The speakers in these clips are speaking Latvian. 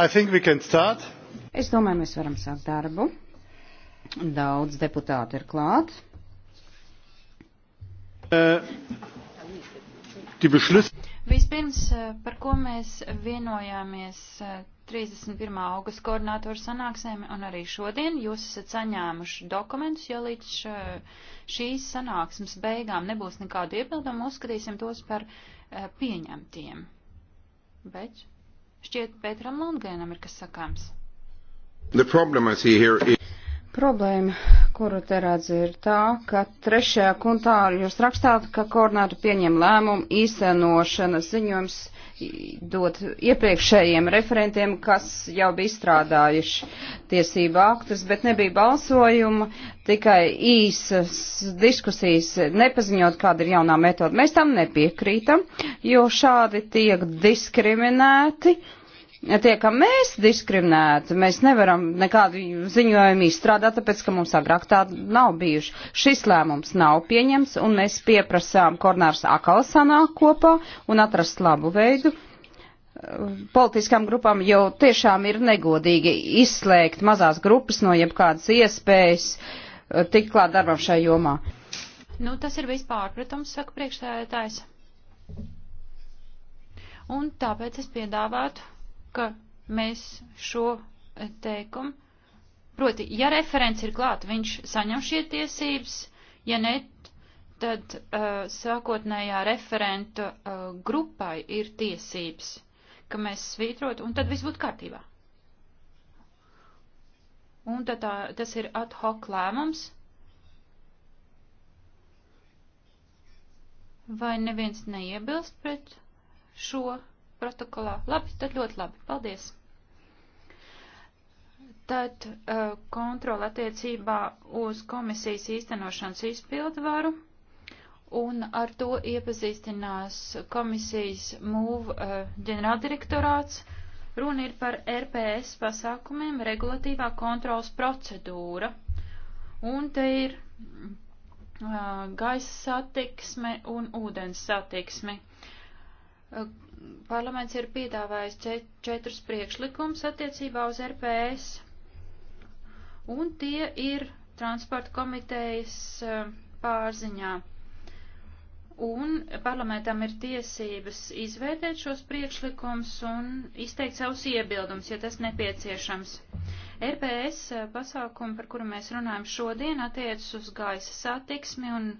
Es domāju, mēs varam sākt darbu. Daudz deputātu ir klāt. Uh, Vispirms, uh, par ko mēs vienojāmies 31. Uh, augusta koordinātoru sanāksmēm un arī šodien, jūs esat saņēmuši dokumentus, jo līdz uh, šīs sanāksmes beigām nebūs nekādu iebildumu, uzskatīsim tos par pieņemtiem. Bet Šķiet, Pēteram Lundgrenam ir kas sakāms. Is... Problēma, kuru te redzu, ir tā, ka trešajā kuntā jūs rakstāt, ka koordinātu pieņem lēmumu īstenošanas ziņojums dot iepriekšējiem referentiem, kas jau bija izstrādājuši tiesību aktus, bet nebija balsojuma, tikai īsas diskusijas, nepaziņot, kāda ir jaunā metoda. Mēs tam nepiekrītam, jo šādi tiek diskriminēti. Uh, tie, ka mēs diskriminēti, mēs nevaram nekādu ziņojumu izstrādāt, tāpēc, ka mums agrāk tāda nav bijuši. Šis lēmums nav pieņems, un mēs pieprasām Kornārs Akalsanā kopā un atrast labu veidu. Politiskām grupām jau tiešām ir negodīgi izslēgt mazās grupas no jebkādas iespējas tik klāt darbam šai jomā. Nu, tas ir vispār, protams, saka priekšstādātājs. Un tāpēc es piedāvātu ka mēs šo teikumu, proti, ja referents ir klāt, viņš saņem šie tiesības, ja ne, tad uh, sākotnējā referenta uh, grupai ir tiesības, ka mēs svītrotu, un tad viss būtu kārtībā. Un tad tā, tas ir ad hoc lēmums. Vai neviens neiebilst pret šo protokolā. Labi, tad ļoti labi. Paldies. Tad uh, kontrola attiecībā uz komisijas īstenošanas izpildvaru. Un ar to iepazīstinās komisijas MUV uh, ģenerāldirektorāts. Runa ir par RPS pasākumiem, regulatīvā kontrolas procedūra. Un te ir uh, gaisa satiksme un ūdens satiksme. Uh, parlaments ir piedāvājis četrus priekšlikumus attiecībā uz RPS, un tie ir transporta komitejas eh, pārziņā. Un parlamentam ir tiesības izvērtēt šos priekšlikumus un izteikt savus iebildumus, ja tas nepieciešams. RPS eh, pasākumi, par kuru mēs runājam šodien, attiecas uz gaisa satiksmi un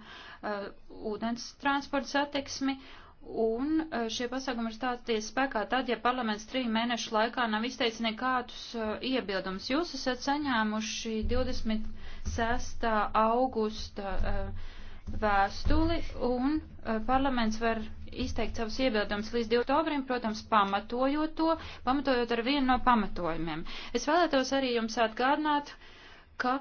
uh, ūdens transporta satiksmi, uh, Un e, šie pasākumi ir stāties spēkā tad, ja parlaments trīs mēnešu laikā nav izteicis nekādus e, iebildumus. Jūs esat saņēmuši 26. augusta e, vēstuli, un parlaments var izteikt savus iebildumus līdz 2. oktobrim, protams, pamatojot to, pamatojot ar vienu no pamatojumiem. Es vēlētos arī jums atgādināt, ka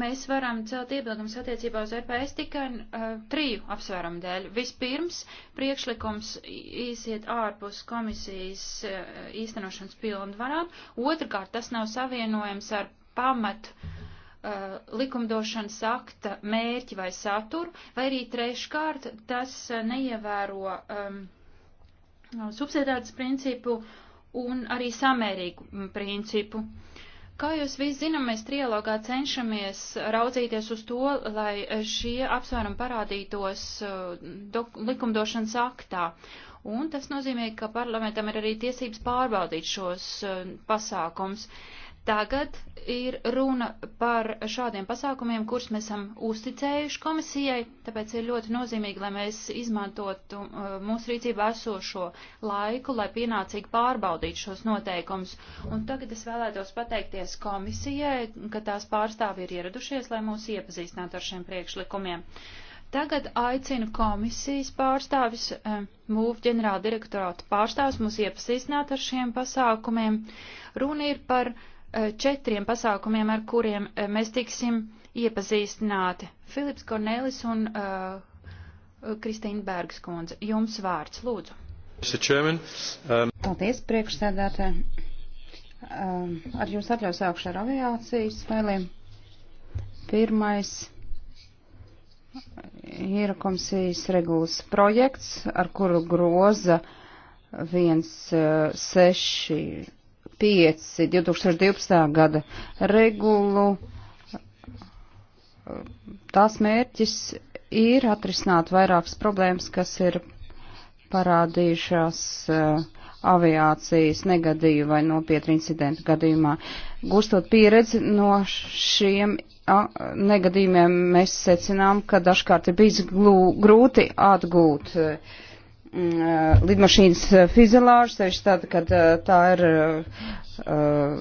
mēs varam celt iebildumus attiecībā uz EPS tikai uh, triju apsvērumu dēļ. Vispirms, priekšlikums iziet ārpus komisijas uh, īstenošanas pilnvarām, otrkārt, tas nav savienojams ar pamatu uh, likumdošanas akta mērķi vai saturu, vai arī treškārt tas uh, neievēro um, subsidētas principu un arī samērīgu principu. Uh, Kā jūs visi zinām, mēs trialogā cenšamies raudzīties uz to, lai šie apsvērumi parādītos eh, likumdošanas aktā. Un tas nozīmē, ka parlamentam ir arī tiesības pārbaudīt šos eh, pasākums. Uh, Tagad ir runa par šādiem pasākumiem, kurus mēs esam uzticējuši komisijai, tāpēc ir ļoti nozīmīgi, lai mēs izmantotu uh, mūsu rīcībā esošo laiku, lai pienācīgi pārbaudītu šos noteikumus. Un tagad es vēlētos pateikties komisijai, ka tās pārstāvi ir ieradušies, lai mūs iepazīstinātu ar šiem priekšlikumiem. Tagad aicinu komisijas pārstāvis, uh, MUV ģenerāla direktorāta pārstāvis mūs iepazīstināt ar šiem pasākumiem. Runa ir par uh, Eh, četriem pasākumiem, ar kuriem eh, mēs tiksim iepazīstināti. Filips Kornelis un uh, Kristīna Bergs kundze, jums vārds, lūdzu. Um, Paldies, priekšsēdētāji. Um, ar jums atļaus sākšu ar aviācijas failiem. Pirmais ir komisijas regulas projekts, ar kuru groza viens seši 5 2012. gada regulu. Tās mērķis ir atrisināt vairākas problēmas, kas ir parādījušās uh, aviācijas negadīju vai nopietnu incidentu gadījumā. Gūstot pieredzi no šiem a, negadījumiem, mēs secinām, ka dažkārt ir bijis glū, grūti atgūt uh, Mm, lidmašīnas eh, fizelāžu, sevišķi tad, kad eh, tā ir uh,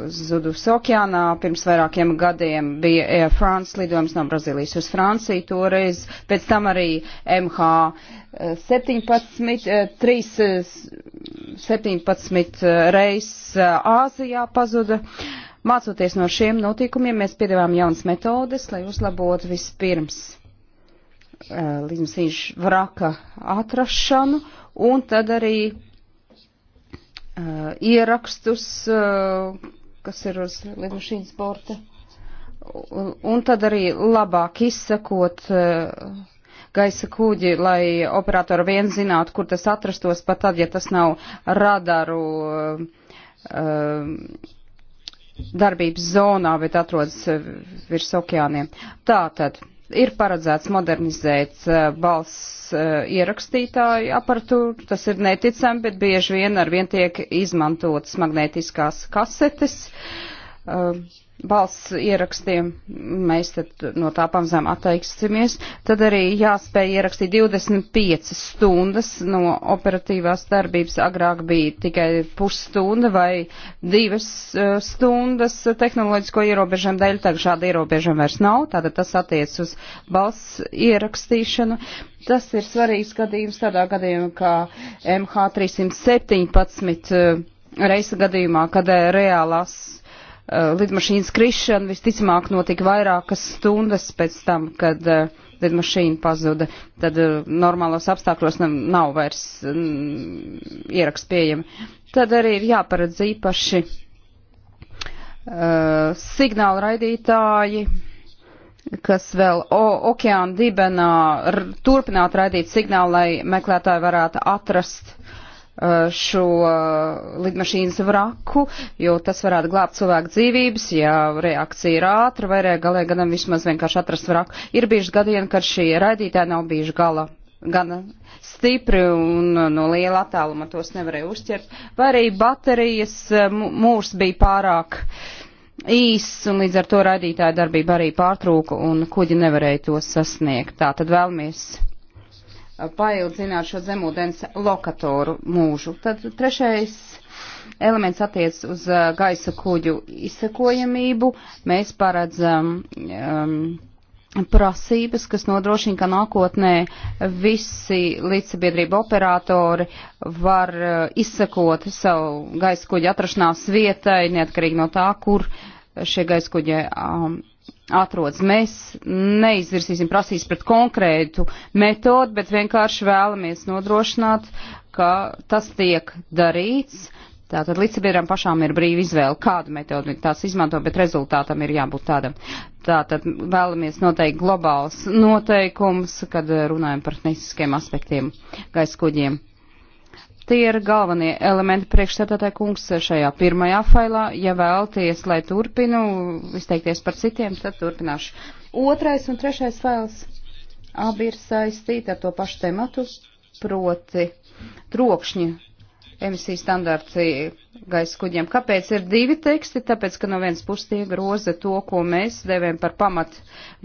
zudusi okeānā. Pirms vairākiem gadiem bija Air France lidojums no Brazīlijas uz Franciju toreiz, pēc tam arī MH17, 317 reizes Āzijā pazuda. Mācoties no šiem notikumiem, mēs piedāvājam jaunas metodes, lai uzlabotu vispirms līdzmasīšu vraka atrašanu un tad arī uh, ierakstus, uh, kas ir uz lidmašīnas borta, un, un tad arī labāk izsakot uh, gaisa kuģi, lai operatori vien zinātu, kur tas atrastos, pat tad, ja tas nav radaru. Uh, uh, darbības zonā, bet atrodas uh, virs okeāniem. Tātad ir paredzēts modernizēt eh, balss eh, ierakstītāju aparatūru. Tas ir neticami, bet bieži vien ar vien tiek izmantotas magnētiskās kasetes. Uh, balss ierakstiem, mēs tad no tā pamazām atteiksimies, tad arī jāspēj ierakstīt 25 stundas no operatīvās darbības. Agrāk bija tikai pusstunda vai divas eh, stundas tehnoloģisko ierobežojumu dēļ, tagad šāda ierobežojuma vairs nav, tātad tas attiec uz balss ierakstīšanu. Tas ir svarīgs gadījums tādā gadījumā, kā MH317 eh, reisa gadījumā, kad eh, reālās Eh, lidmašīnas krišana visticamāk notika vairākas stundas pēc tam, kad eh, lidmašīna pazuda. Tad eh, normālos apstākļos nav vairs mm, ieraksts pieejami. Tad arī ir jāparedz īpaši uh, signāla raidītāji kas vēl o, okeāna dibenā turpināt raidīt signālu, lai meklētāji varētu atrast Eh, šo lidmašīnas vraku, jo tas varētu glābt cilvēku dzīvības, ja reakcija ir ātra, vai arī galē gadam vismaz vienkārši atrast vraku. Ir bijuši gadieni, kad šī raidītāja nav bijuši gala gana stipri un no liela attāluma tos nevarēja uzķert, vai arī baterijas eh, mūrs bija pārāk īss un līdz ar to raidītāja darbība arī pārtrūka un kuģi nevarēja to sasniegt. Tā tad vēlamies paildzināt šo zemūdens lokatoru mūžu. Tad trešais elements attiec uz uh, gaisa kuģu izsekojamību. Mēs paredzam um, prasības, kas nodrošina, ka nākotnē visi līdzsabiedrība operatori var uh, izsekot savu gaisa kuģu atrašanās vietai, neatkarīgi no tā, kur šie gaisa kuģi um, atrodas. Mēs neizvirsīsim prasīs pret konkrētu metodu, bet vienkārši vēlamies nodrošināt, ka tas tiek darīts. Tātad līdzsabiedrām pašām ir brīva izvēle, kādu metodu tās izmanto, bet rezultātam ir jābūt tādam. Tātad vēlamies noteikt globāls noteikums, kad runājam par tehniskiem aspektiem gaisa kuģiem tie ir galvenie elementi priekšstādātāja kungs šajā pirmajā failā. Ja vēlties, lai turpinu izteikties par citiem, tad turpināšu. Otrais un trešais fails abi ir saistīti ar to pašu tematu, proti trokšņi emisiju standarti gaisa kuģiem. Kāpēc ir divi teksti? Tāpēc, ka no vienas puses tie groza to, ko mēs devējam par pamat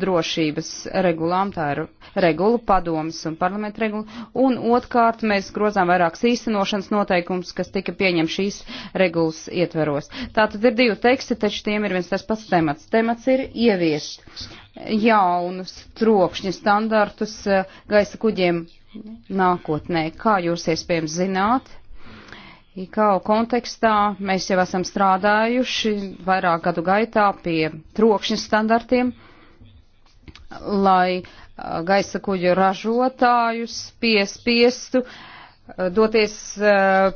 drošības regulām, tā ir regula, padomas un parlamenta regula, un otrkārt mēs grozām vairākas īstenošanas noteikums, kas tika pieņem šīs regulas ietveros. Tātad ir divi teksti, taču tiem ir viens tas pats temats. Temats ir ieviest jaunus trokšņa standartus eh, gaisa kuģiem nākotnē. Kā jūs iespējams zināt, IKO kontekstā mēs jau esam strādājuši vairāk gadu gaitā pie trokšņa standartiem, lai gaisa kuģu ražotājus piespiestu doties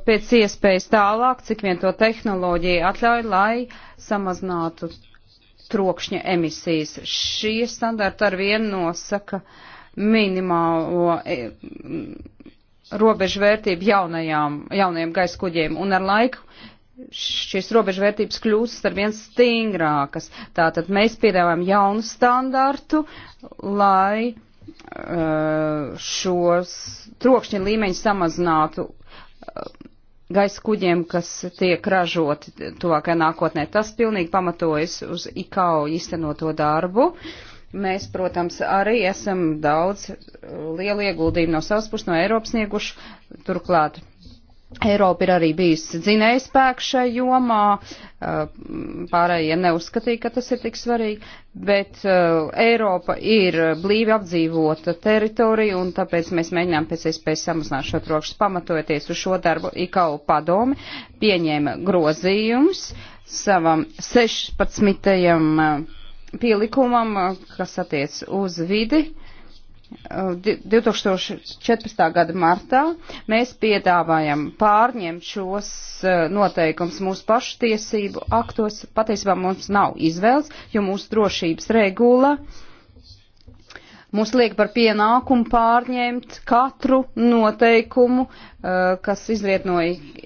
pēc iespējas tālāk, cik vien to tehnoloģija atļauj, lai samazinātu trokšņa emisijas. Šie standarti ar vienu nosaka minimālo e, robežvērtību jaunajām, jaunajiem gaisa kuģiem, un ar laiku šīs robežvērtības kļūst ar vien stingrākas. Tātad mēs piedāvājam jaunu standartu, lai uh, šos trokšņa līmeņus samazinātu uh, gaisa kuģiem, kas tiek ražoti tuvākajā nākotnē. Tas pilnīgi pamatojas uz IKO īstenoto darbu. Uh, Mēs, protams, arī esam daudz eh, lielu ieguldījumu no savas puses, no Eiropas snieguši. Turklāt Eiropa ir arī bijusi dzinēja spēks šai jomā, eh, pārējie neuzskatīja, ka tas ir tik svarīgi, bet eh, Eiropa ir blīvi apdzīvota teritorija, un tāpēc mēs mēģinām pēc iespējas samazināt šo trokšus, pamatojoties uz šo darbu. IKU padomi pieņēma grozījumus savam 16 pielikumam, eh, kas attiec uz vidi. 2014. Eh, gada martā mēs piedāvājam pārņemt šos eh, noteikums mūsu pašu tiesību aktos. Patiesībā mums nav izvēles, jo mūsu drošības regula uh, mums liek par pienākumu pārņemt katru noteikumu, eh, kas izriet no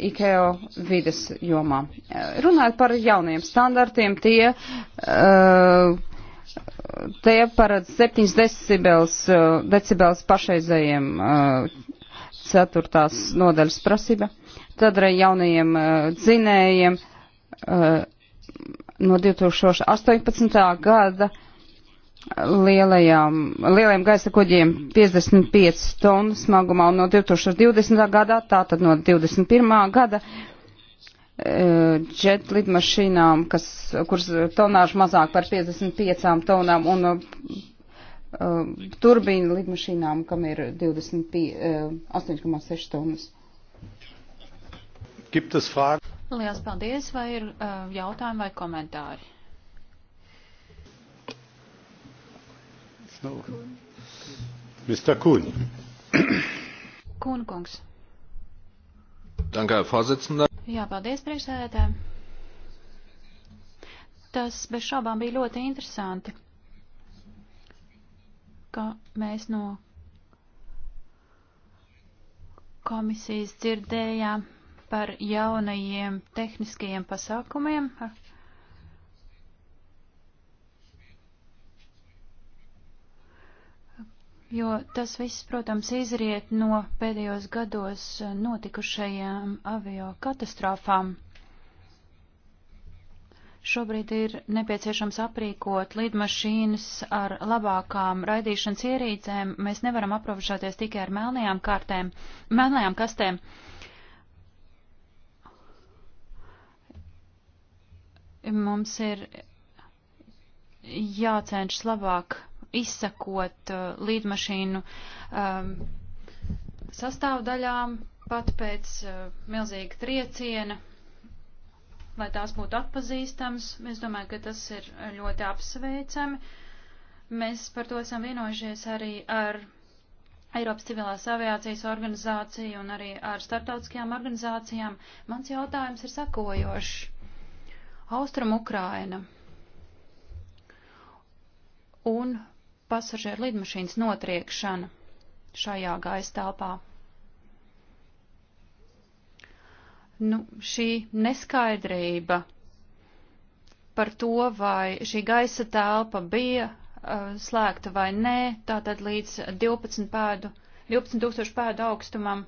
IKEO vides jomā. Eh, runājot par jauniem standartiem, tie, eh, tie paredz 7 decibels, decibels pašreizējiem ceturtās nodaļas prasība, tad ar jaunajiem dzinējiem no 2018. gada lielajām, lielajiem gaisa kuģiem 55 tonu smagumā un no 2020. gadā, tātad no 21. gada džet eh, lidmašīnām, kas, kuras tonāžu mazāk par 55 tonām un uh, turbīnu lidmašīnām, kam ir 28,6 uh, tonas. Liels paldies, vai ir uh, eh, jautājumi vai komentāri? No. Mr. Kuhn. Kuhn kungs. Danke, Herr Vorsitzender. Jā, paldies, priekšsēdētāji. Tas bez šaubām bija ļoti interesanti, ka mēs no komisijas dzirdējām par jaunajiem tehniskajiem pasākumiem, ar jo tas viss, protams, izriet no pēdējos gados eh, notikušajām avio katastrofām. Šobrīd ir nepieciešams aprīkot lidmašīnas ar labākām raidīšanas ierīcēm. Mēs nevaram aprobežoties tikai ar melnajām, kārtēm, melnajām kastēm. Mums ir jācenšas labāk izsakot uh, līdmašīnu um, sastāvdaļām pat pēc uh, milzīga trieciena, lai tās būtu atpazīstams. Es domāju, ka tas ir ļoti apsveicami. Mēs par to esam vienojušies arī ar Eiropas civilās aviācijas organizāciju un arī ar starptautiskajām organizācijām. Mans jautājums ir sakojošs. Austrum Ukraina un pasažieru lidmašīnas notriekšana šajā gaisa telpā. Nu, šī neskaidrība par to, vai šī gaisa telpa bija uh, slēgta vai nē, tātad līdz 12 pēdu, 12 tūkstošu pēdu augstumam.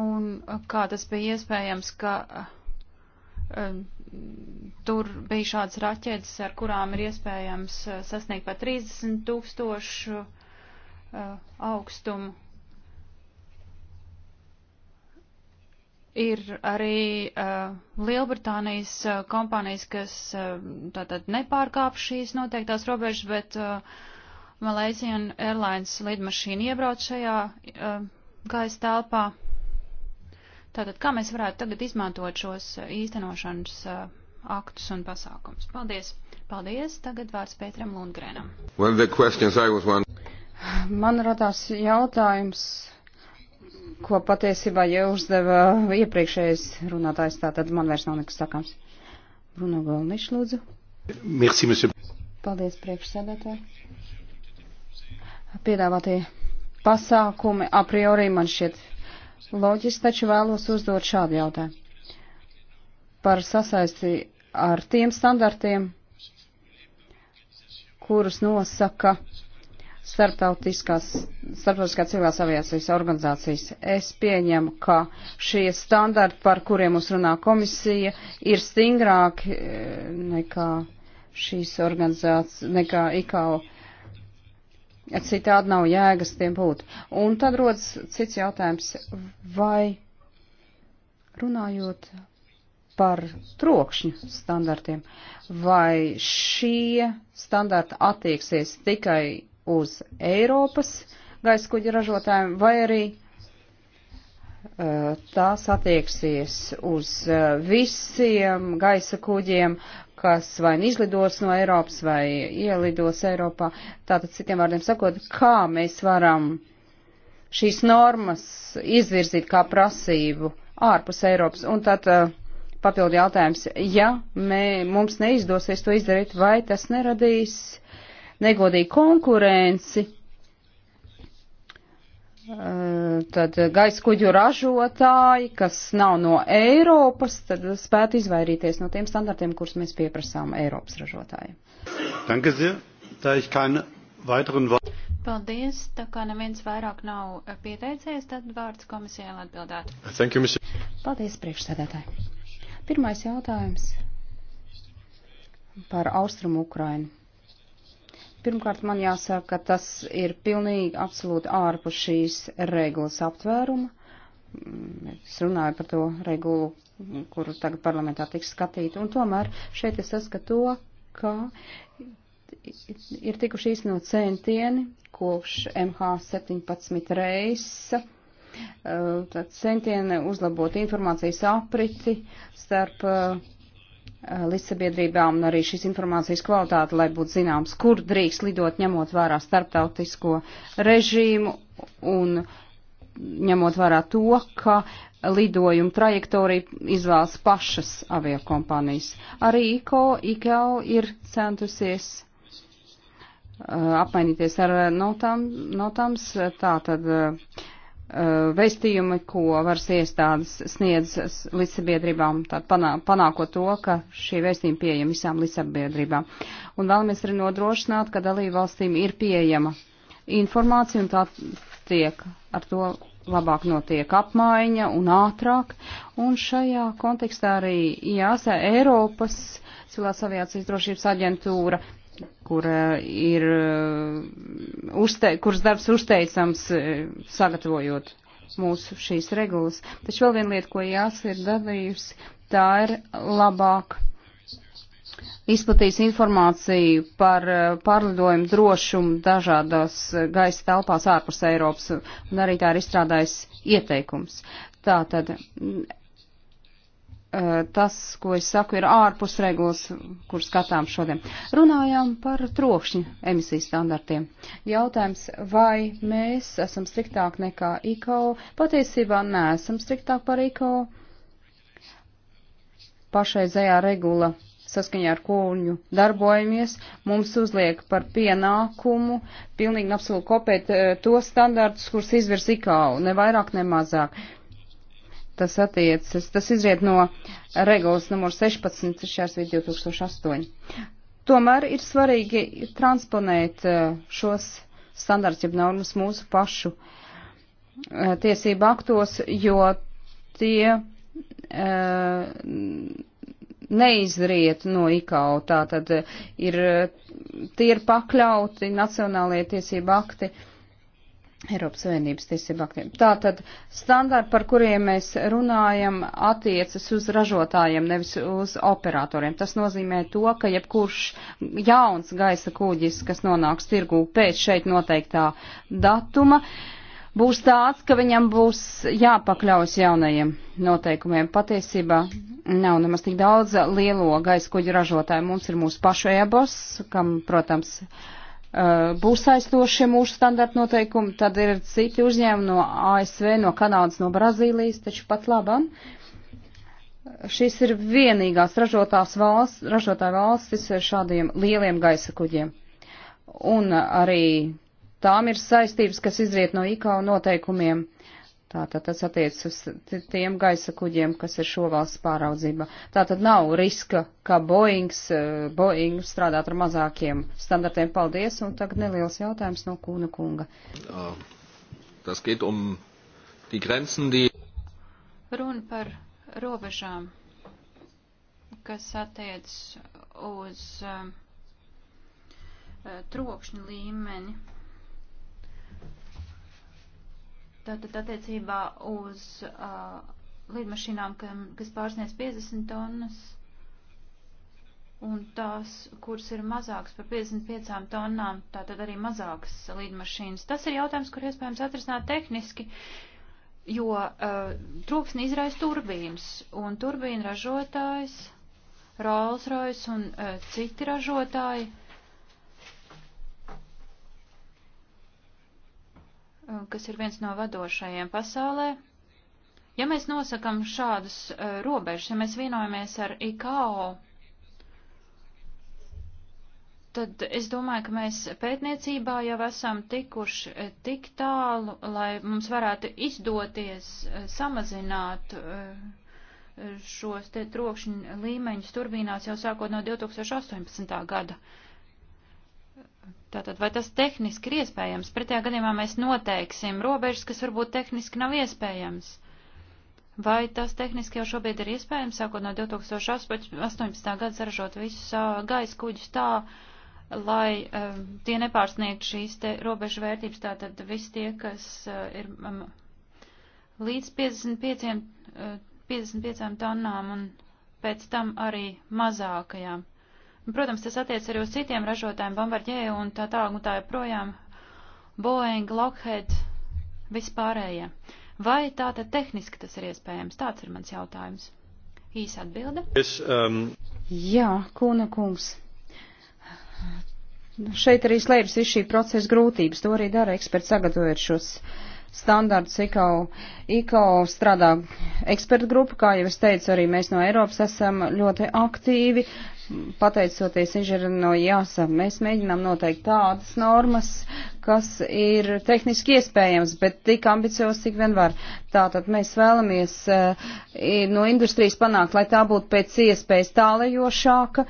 Un uh, kā tas bija iespējams, ka uh, Tur bija šādas raķetes, ar kurām ir iespējams eh, sasniegt pat 30 tūkstošu eh, augstumu. Ir arī uh, Lielbritānijas uh, kompānijas, kas uh, tātad nepārkāp šīs noteiktās robežas, bet uh, Malaysian Airlines lidmašīna iebrauc šajā uh, gaisa telpā. Tātad, kā mēs varētu tagad izmantot šos eh, īstenošanas eh, aktus un pasākums? Paldies! Paldies! Tagad vārds Pētram Lundgrenam. Man radās jautājums, ko patiesībā jau uzdeva iepriekšējais runātājs, tātad man vairs nav nekas sakāms. Bruno Golniš, lūdzu. Merci, monsieur. Paldies, priekšsēdētāji. Piedāvātie pasākumi a priori man šķiet loģiski, taču vēlos uzdot šādu jautājumu. Par sasaisti ar tiem standartiem, kurus nosaka starptautiskās, starptautiskā civilās aviācijas organizācijas. Es pieņemu, ka šie standarti, par kuriem mums runā komisija, ir stingrāki eh, nekā šīs organizācijas, nekā IKO. Citādi nav jēgas tiem būt. Un tad rodas cits jautājums, vai runājot par trokšņu standartiem, vai šie standarti attieksies tikai uz Eiropas gaisa kuģa ražotājiem, vai arī eh, tās attieksies uz eh, visiem gaisa kuģiem, kas vai nu izlidos no Eiropas vai ielidos Eiropā. Tātad, citiem vārdiem sakot, kā mēs varam šīs normas izvirzīt kā prasību ārpus Eiropas. Un tad eh, papildu jautājums, ja mē, mums neizdosies to izdarīt, vai tas neradīs negodīgu konkurenci tad gaisa kuģu ražotāji, kas nav no Eiropas, tad spētu izvairīties no tiem standartiem, kurus mēs pieprasām Eiropas ražotājiem. Paldies, tā kā neviens vairāk nav pieteicies, tad vārds komisijai atbildētu. Thank you, Mr. Paldies, priekšsēdētāji. Pirmais jautājums par Austrumu Ukrainu. Pirmkārt, man jāsaka, ka tas ir pilnīgi absolūti ārpus šīs regulas aptvēruma. Mm, es runāju par to regulu, kuru tagad parlamentā tiks skatīta. Un tomēr šeit es saskatu to, ka ir tikuši īstenot centieni kopš MH17 reisa. Uh, tad centieni uzlabot informācijas apriti starp uh, Eh, līdzsabiedrībām un arī šīs informācijas kvalitāte, lai būtu zināms, kur drīkst lidot, ņemot vērā starptautisko režīmu un ņemot vērā to, ka lidojumu trajektoriju izvēlas pašas aviokompānijas. Arī ICO, ICO ir centusies uh, apmainīties ar eh, notām, notams, tā tad uh, Uh, vēstījumi, ko varas iestādes sniedz līdzsabiedrībām, tad panākot to, ka šie vēstījumi pieejami visām līdzsabiedrībām. Un vēlamies arī nodrošināt, ka dalību valstīm ir pieejama informācija un tā tiek ar to labāk notiek apmaiņa un ātrāk. Un šajā kontekstā arī jāsā Eiropas civilās aviācijas drošības aģentūra kur ir uh, uzte, kuras darbs uzteicams uh, sagatavojot mūsu šīs regulas. Taču vēl viena lieta, ko jāsaka, ir darījusi, tā ir labāk izplatīs informāciju par uh, pārlidojumu drošumu dažādās gaisa telpās ārpus Eiropas, un arī tā ir izstrādājis ieteikums. Tātad Eh, tas, ko es saku, ir ārpus regulas, kur skatām šodien. Runājām par trokšņu emisiju standartiem. Jautājums, vai mēs esam striktāk nekā IKO? Patiesībā neesam striktāk par IKO. Pašreizējā regula, saskaņā ar kūņu darbojamies, mums uzliek par pienākumu pilnīgi absolūti kopēt eh, tos standartus, kurus izvirs IKO, ne vairāk, ne mazāk. Uh, tas attiecas, tas izriet no regulas numur 16, šās bija 2008. Tomēr ir svarīgi transponēt eh, šos standarts, jeb normas mūsu pašu eh, tiesību aktos, jo tie eh, neizriet no IKAU, tā tad ir, tie ir pakļauti nacionālajie tiesību akti. Uh, Eiropas Savienības tiesību aktiem. Tātad standarti, par kuriem mēs runājam, attiecas uz ražotājiem, nevis uz operatoriem. Tas nozīmē to, ka jebkurš jauns gaisa kūģis, kas nonāks tirgū pēc šeit noteiktā datuma, būs tāds, ka viņam būs jāpakļaujas jaunajiem noteikumiem. Patiesībā nav nemaz tik daudz lielo gaisa kuģu ražotāju. Mums ir mūsu pašu ebos, kam, protams, uh, Eh, būs aizstošie mūsu standarta noteikumi, tad ir citi uzņēmumi no ASV, no Kanādas, no Brazīlijas, taču pat labam. Šīs ir vienīgās ražotās valsts, ražotāja valstis šādiem lieliem gaisa kuģiem. Un arī tām ir saistības, kas izriet no IKO noteikumiem Tātad tas attiec uz tiem gaisa kuģiem, kas ir šo valsts pāraudzība. Tātad nav riska, ka Boeings, eh, Boeing strādāt ar mazākiem standartiem. Paldies, un tagad neliels jautājums no Kūna kunga. Uh, tas geht um die Grenzen, die. Runa par robežām, kas attiec uz uh, eh, trokšņu līmeni Tātad attiecībā uz uh, lidmašīnām, kam, kas pārsniec 50 tonnas un tās, kuras ir mazākas par 55 tonnām, tātad arī mazākas lidmašīnas. Tas ir jautājums, kur iespējams atrisināt tehniski, jo uh, troksni izraisa turbīnas, un turbīna ražotājs, Rolls Royce un uh, citi ražotāji uh, Uh, kas ir viens no vadošajiem pasaulē. Ja mēs nosakam šādus uh, robežus, ja mēs vienojamies ar IKO, tad es domāju, ka mēs pētniecībā jau esam tikuši uh, tik tālu, lai mums varētu izdoties uh, samazināt šos te trokšņu līmeņus turbīnās jau sākot no 2018. gada. Tātad, vai tas tehniski ir iespējams? Pretējā gadījumā mēs noteiksim robežas, kas varbūt tehniski nav iespējams. Vai tas tehniski jau šobrīd ir iespējams, sākot no 2018. gada saražot visus uh, gaisa kuģus tā, lai uh, tie nepārsniegtu šīs te robežu vērtības, tātad visi tie, kas uh, ir um, līdz 55, uh, 55 tonnām un pēc tam arī mazākajām. Protams, tas attiec arī uz citiem ražotājiem, Bombardier un tā tālāk un tā joprojām, Boeing, Lockheed, vispārējie. Vai tā tad tehniski tas ir iespējams? Tāds ir mans jautājums. Īsa atbilde. Es, um... Jā, Kūna kungs. Šeit arī slēpjas viss šī procesa grūtības. To arī dara eksperti sagatavojot šos standārts IKO. IKO strādā ekspertu grupa, kā jau es teicu, arī mēs no Eiropas esam ļoti aktīvi pateicoties inženierim no jāsa, mēs mēģinām noteikt tādas normas, kas ir tehniski iespējams, bet tik ambiciozs, cik vien var. Tātad mēs vēlamies uh, no industrijas panākt, lai tā būtu pēc iespējas tālajošāka,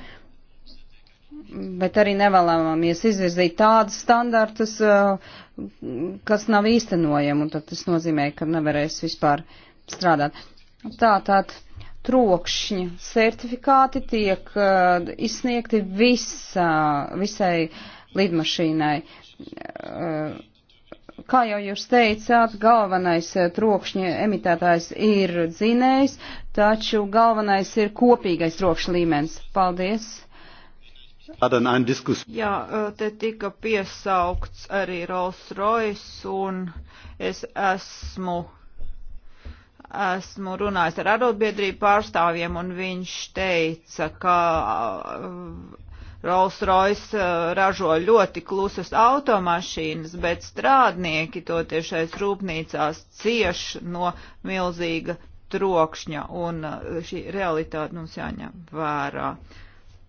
bet arī nevēlamies izvirzīt tādus standartus, uh, eh, kas nav īstenojami, un tad tas nozīmē, ka nevarēs vispār strādāt. Tātad. Tā, trokšņa certifikāti tiek uh, izsniegti visā, visai lidmašīnai. Uh, kā jau jūs teicāt, galvenais eh, trokšņa emitētājs ir dzinējs, taču galvenais ir kopīgais trokšņa līmenis. Paldies! Jā, te tika piesaukts arī Rolls Royce, un es esmu esmu runājis ar arotbiedrību pārstāvjiem, un viņš teica, ka uh, Rolls Royce uh, ražo ļoti klusas automašīnas, bet strādnieki to tiešais rūpnīcās cieš no milzīga trokšņa, un uh, šī realitāte mums jāņem vērā.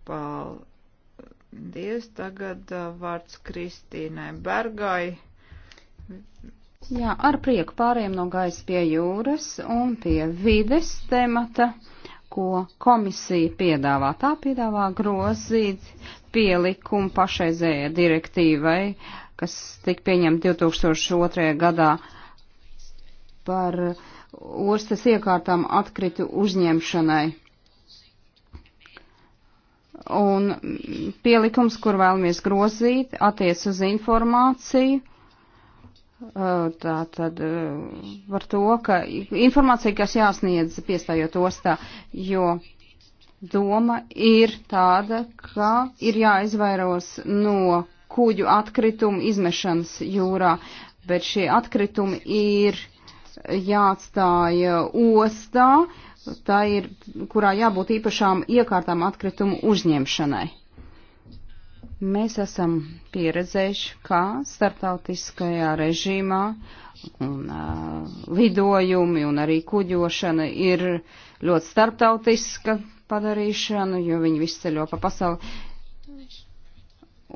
Paldies, tagad vārds Kristīnai Bergai Jā, ar prieku pārējiem no gaisa pie jūras un pie vides temata, ko komisija piedāvā. Tā piedāvā grozīt pielikumu pašreizējai direktīvai, kas tika pieņemta 2002. gadā par ostas iekārtām atkritu uzņemšanai. Un pielikums, kur vēlamies grozīt, attiec uz informāciju Tā tad var to, ka informācija, kas jāsniedz piestājot ostā, jo doma ir tāda, ka ir jāizvairos no kuģu atkritumu izmešanas jūrā, bet šie atkritumi ir jāatstāja ostā, tā ir, kurā jābūt īpašām iekārtām atkritumu uzņemšanai. Mēs esam pieredzējuši, kā starptautiskajā režīmā un, uh, lidojumi un arī kuģošana ir ļoti starptautiska padarīšana, jo viņi visi ceļo pa pasauli.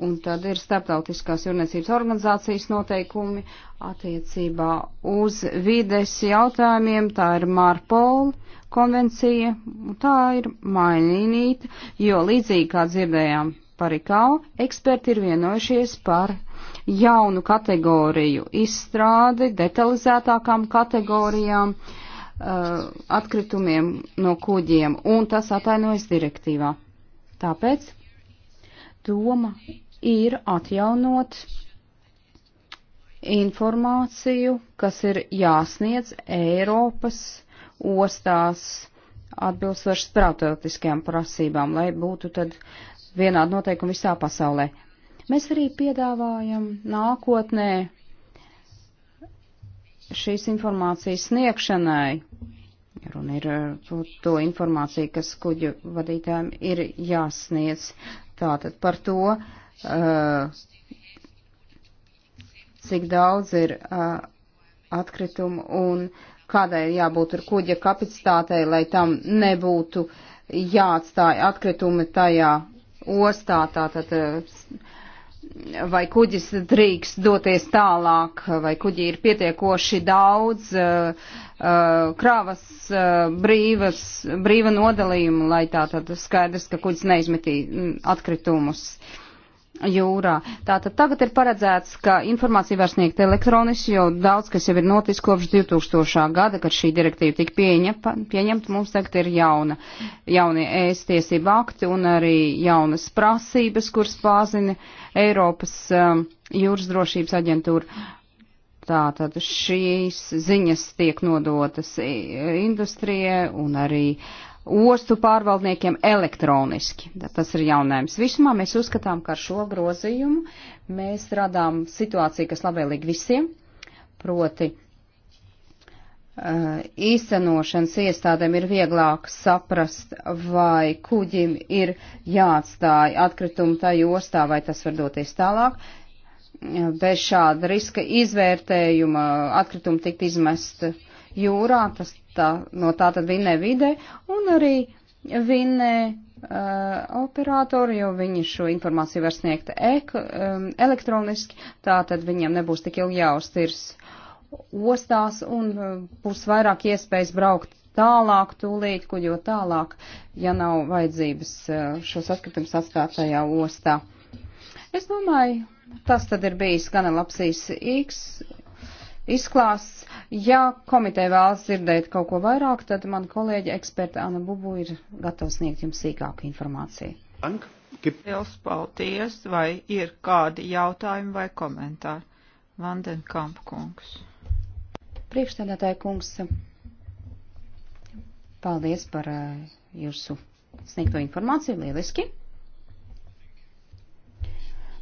Un tad ir starptautiskās jūrniecības organizācijas noteikumi attiecībā uz vides jautājumiem. Tā ir Marpola konvencija, un tā ir mainīta, jo līdzīgi kā dzirdējām Parikau eksperti ir vienojušies par jaunu kategoriju izstrādi, detalizētākām kategorijām, uh, atkritumiem no kuģiem, un tas atainojas direktīvā. Tāpēc doma ir atjaunot informāciju, kas ir jāsniedz Eiropas ostās atbilstoši starptautiskajām prasībām, lai būtu tad uh, vienādi noteikumi visā pasaulē. Mēs arī piedāvājam nākotnē šīs informācijas sniegšanai, runa ir uh, to, to informāciju, kas kuģu vadītājiem ir jāsniedz. Tātad par to, uh, cik daudz ir uh, atkritumu un kādai jābūt ar kuģa kapacitātei, lai tam nebūtu jāatstāja atkritumi tajā ostā, tātad eh, vai kuģis drīkst doties tālāk, vai kuģi ir pietiekoši daudz eh, eh, krāvas brīvas, brīva nodalījuma, lai tātad skaidrs, ka kuģis neizmetī mm, atkritumus jūrā. Tātad tagad ir paredzēts, ka informācija var sniegt elektroniski, jo daudz, kas jau ir notis kopš 2000. gada, kad šī direktīva tika pieņemta, pieņemta mums tagad ir jauna, jaunie ēst tiesība akti un arī jaunas prasības, kuras pāzina Eiropas um, jūras drošības aģentūra. Tātad šīs ziņas tiek nodotas industrijai un arī uh, ostu pārvaldniekiem elektroniski. Tas ir jaunājums. Visumā mēs uzskatām, ka ar šo grozījumu mēs radām situāciju, kas labvēlīgi visiem, proti uh, īstenošanas iestādēm ir vieglāk saprast, vai kuģim ir jāatstāj atkritumi tajā ostā, vai tas var doties tālāk. Eh, bez šāda riska izvērtējuma atkritumi tikt izmest jūrā, tas tā, no tā tad vinē vide un arī vinē uh, operatori, jo viņi šo informāciju var sniegt ek, um, elektroniski, tā tad viņiem nebūs tik ilgi jāuztirs ostās un uh, būs vairāk iespējas braukt tālāk tūlīt, kuģo tālāk, ja nav vajadzības uh, šos atkritumus atstāt tajā ostā. Es domāju, tas tad ir bijis gan labs īks izklāsts. Ja komiteja vēlas dzirdēt kaut ko vairāk, tad man kolēģi eksperta Anna Bubu ir gatava sniegt jums sīkāku informāciju. Dank. Liels paldies, vai ir kādi jautājumi vai komentāri? Vandenkamp kungs. Priekšstādātāja kungs, paldies par eh, jūsu sniegto informāciju, lieliski.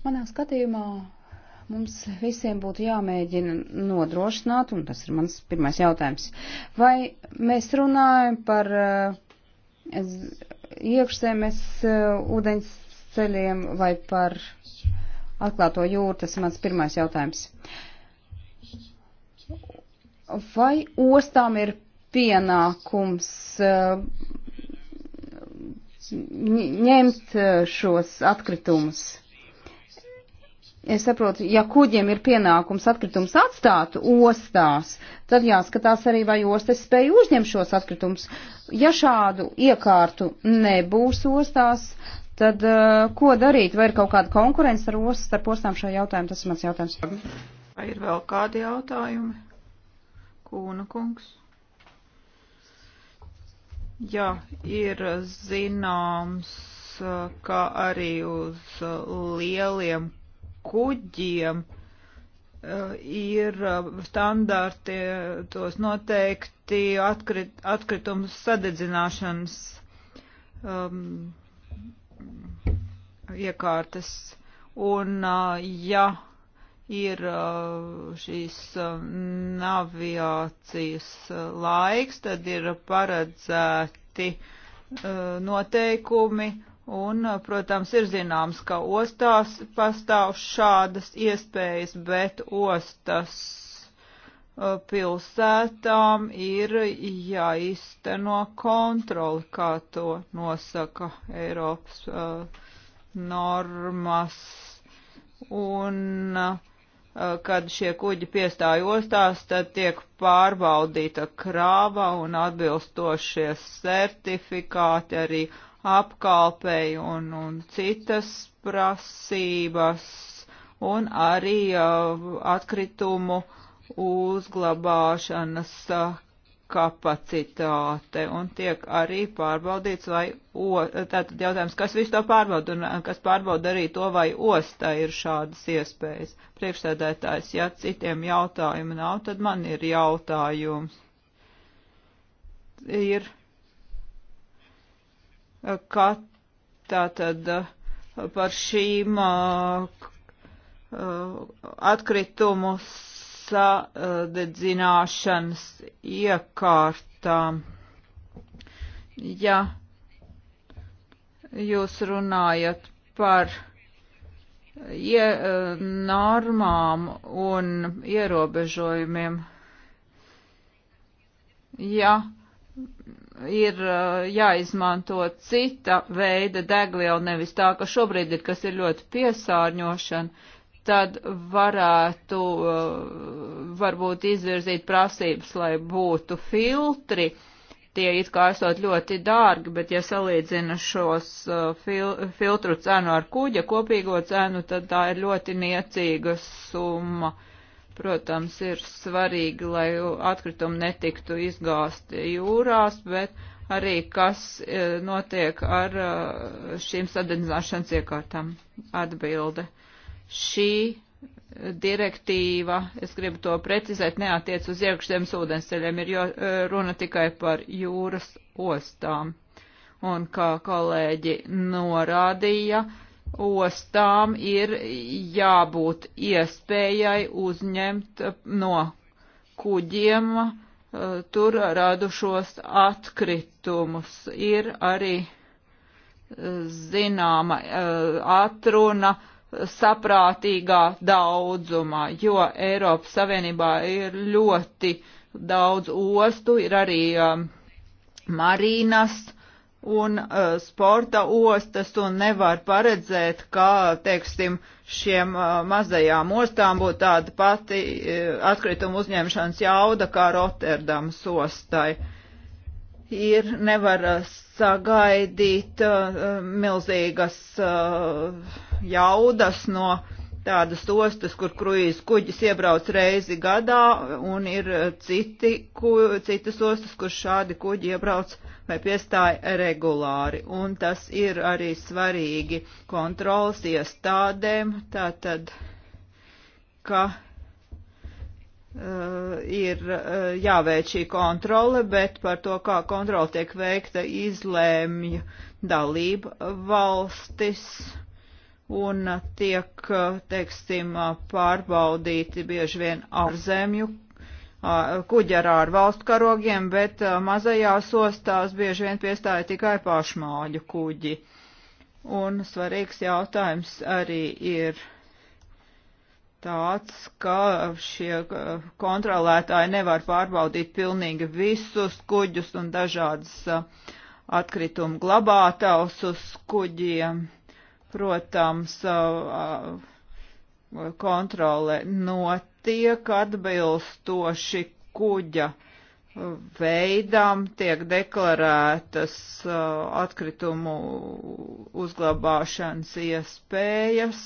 Manā skatījumā Mums visiem būtu jāmēģina nodrošināt, un tas ir mans pirmais jautājums, vai mēs runājam par eh, iekšzemes eh, ūdeņas ceļiem vai par atklāto jūru, tas ir mans pirmais jautājums. Vai ostām ir pienākums eh, ņemt šos atkritumus? Es saprotu, ja kuģiem ir pienākums atkritumus atstāt ostās, tad jāskatās arī, vai ostas spēj uzņemt šos atkritumus. Ja šādu iekārtu nebūs ostās, tad uh, ko darīt? Vai ir kaut kāda konkurence ar ostas, starp ostām šo jautājumu? Tas ir mans jautājums. Vai ir vēl kādi jautājumi? Kūna kungs. Jā, ir zināms, eh, ka arī uz eh, lieliem kuģiem e, ir e, standarti, tos noteikti atkrit, atkritumu sadedzināšanas um, iekārtas. Un, e, ja ir šīs naviācijas laiks, tad ir paredzēti noteikumi Un, uh, protams, ir zināms, ka ostās pastāv šādas iespējas, bet ostas uh, pilsētām ir jāizteno kontroli, kā to nosaka Eiropas uh, normas. Un, uh, kad šie kuģi piestāj ostās, tad tiek pārbaudīta krāva un atbilstošie certifikāti arī apkalpei un, un citas prasības un arī uh, atkritumu uzglabāšanas uh, kapacitāte un tiek arī pārbaudīts, vai, o, tātad jautājums, kas visu to pārbauda un uh, kas pārbauda arī to, vai ostā ir šādas iespējas. Priekšsēdētājs, ja citiem jautājumu nav, tad man ir jautājums. Ir kā tātad uh, par šīm uh, uh, atkritumu sadedzināšanas iekārtām. Ja jūs runājat par ie, normām un ierobežojumiem, ja ir jāizmanto cita veida degviela, nevis tā, ka šobrīd ir, kas ir ļoti piesārņošana, tad varētu varbūt izvirzīt prasības, lai būtu filtri. Tie it kā esot ļoti dārgi, bet ja salīdzina šos fil filtru cenu ar kuģa kopīgo cenu, tad tā ir ļoti niecīga summa. Uh, Protams, ir svarīgi, lai atkritumi netiktu izgāsti jūrās, bet arī kas e, notiek ar e, šīm sadedzināšanas iekārtām atbilde. Šī direktīva, es gribu to precizēt, neatiec uz iekšzemes ūdensceļiem, ir jo, e, runa tikai par jūras ostām. Un kā kolēģi norādīja, uh, ostām ir jābūt iespējai uzņemt no kuģiem eh, tur radušos atkritumus. Ir arī eh, zināma eh, atruna saprātīgā daudzumā, jo Eiropas Savienībā ir ļoti daudz ostu, ir arī marīnas, un uh, sporta ostas un nevar paredzēt, kā, teiksim, šiem uh, mazajām ostām būtu tāda pati uh, atkrituma uzņemšanas jauda kā Rotterdamas ostai. Ir nevar uh, sagaidīt uh, milzīgas uh, jaudas no tādas ostas, kur kruīz kuģis iebrauc reizi gadā, un ir citi, ku, citas ostas, kur šādi kuģi iebrauc vai piestāja regulāri. Un tas ir arī svarīgi kontrolas iestādēm, tātad, ka Uh, ir uh, jāveic šī kontrole, bet par to, kā kontrole tiek veikta, izlēmj dalība valstis un tiek, uh, teiksim, uh, pārbaudīti bieži vien ārzemju kuģerā ar valstu karogiem, bet mazajās ostās bieži vien piestāja tikai pašmāļu kuģi. Un svarīgs jautājums arī ir tāds, ka šie kontrolētāji nevar pārbaudīt pilnīgi visus kuģus un dažādas atkritumu glabātājus uz kuģiem. Protams, kontrole not tiek atbilstoši kuģa veidam, tiek deklarētas uh, atkritumu uzglabāšanas iespējas.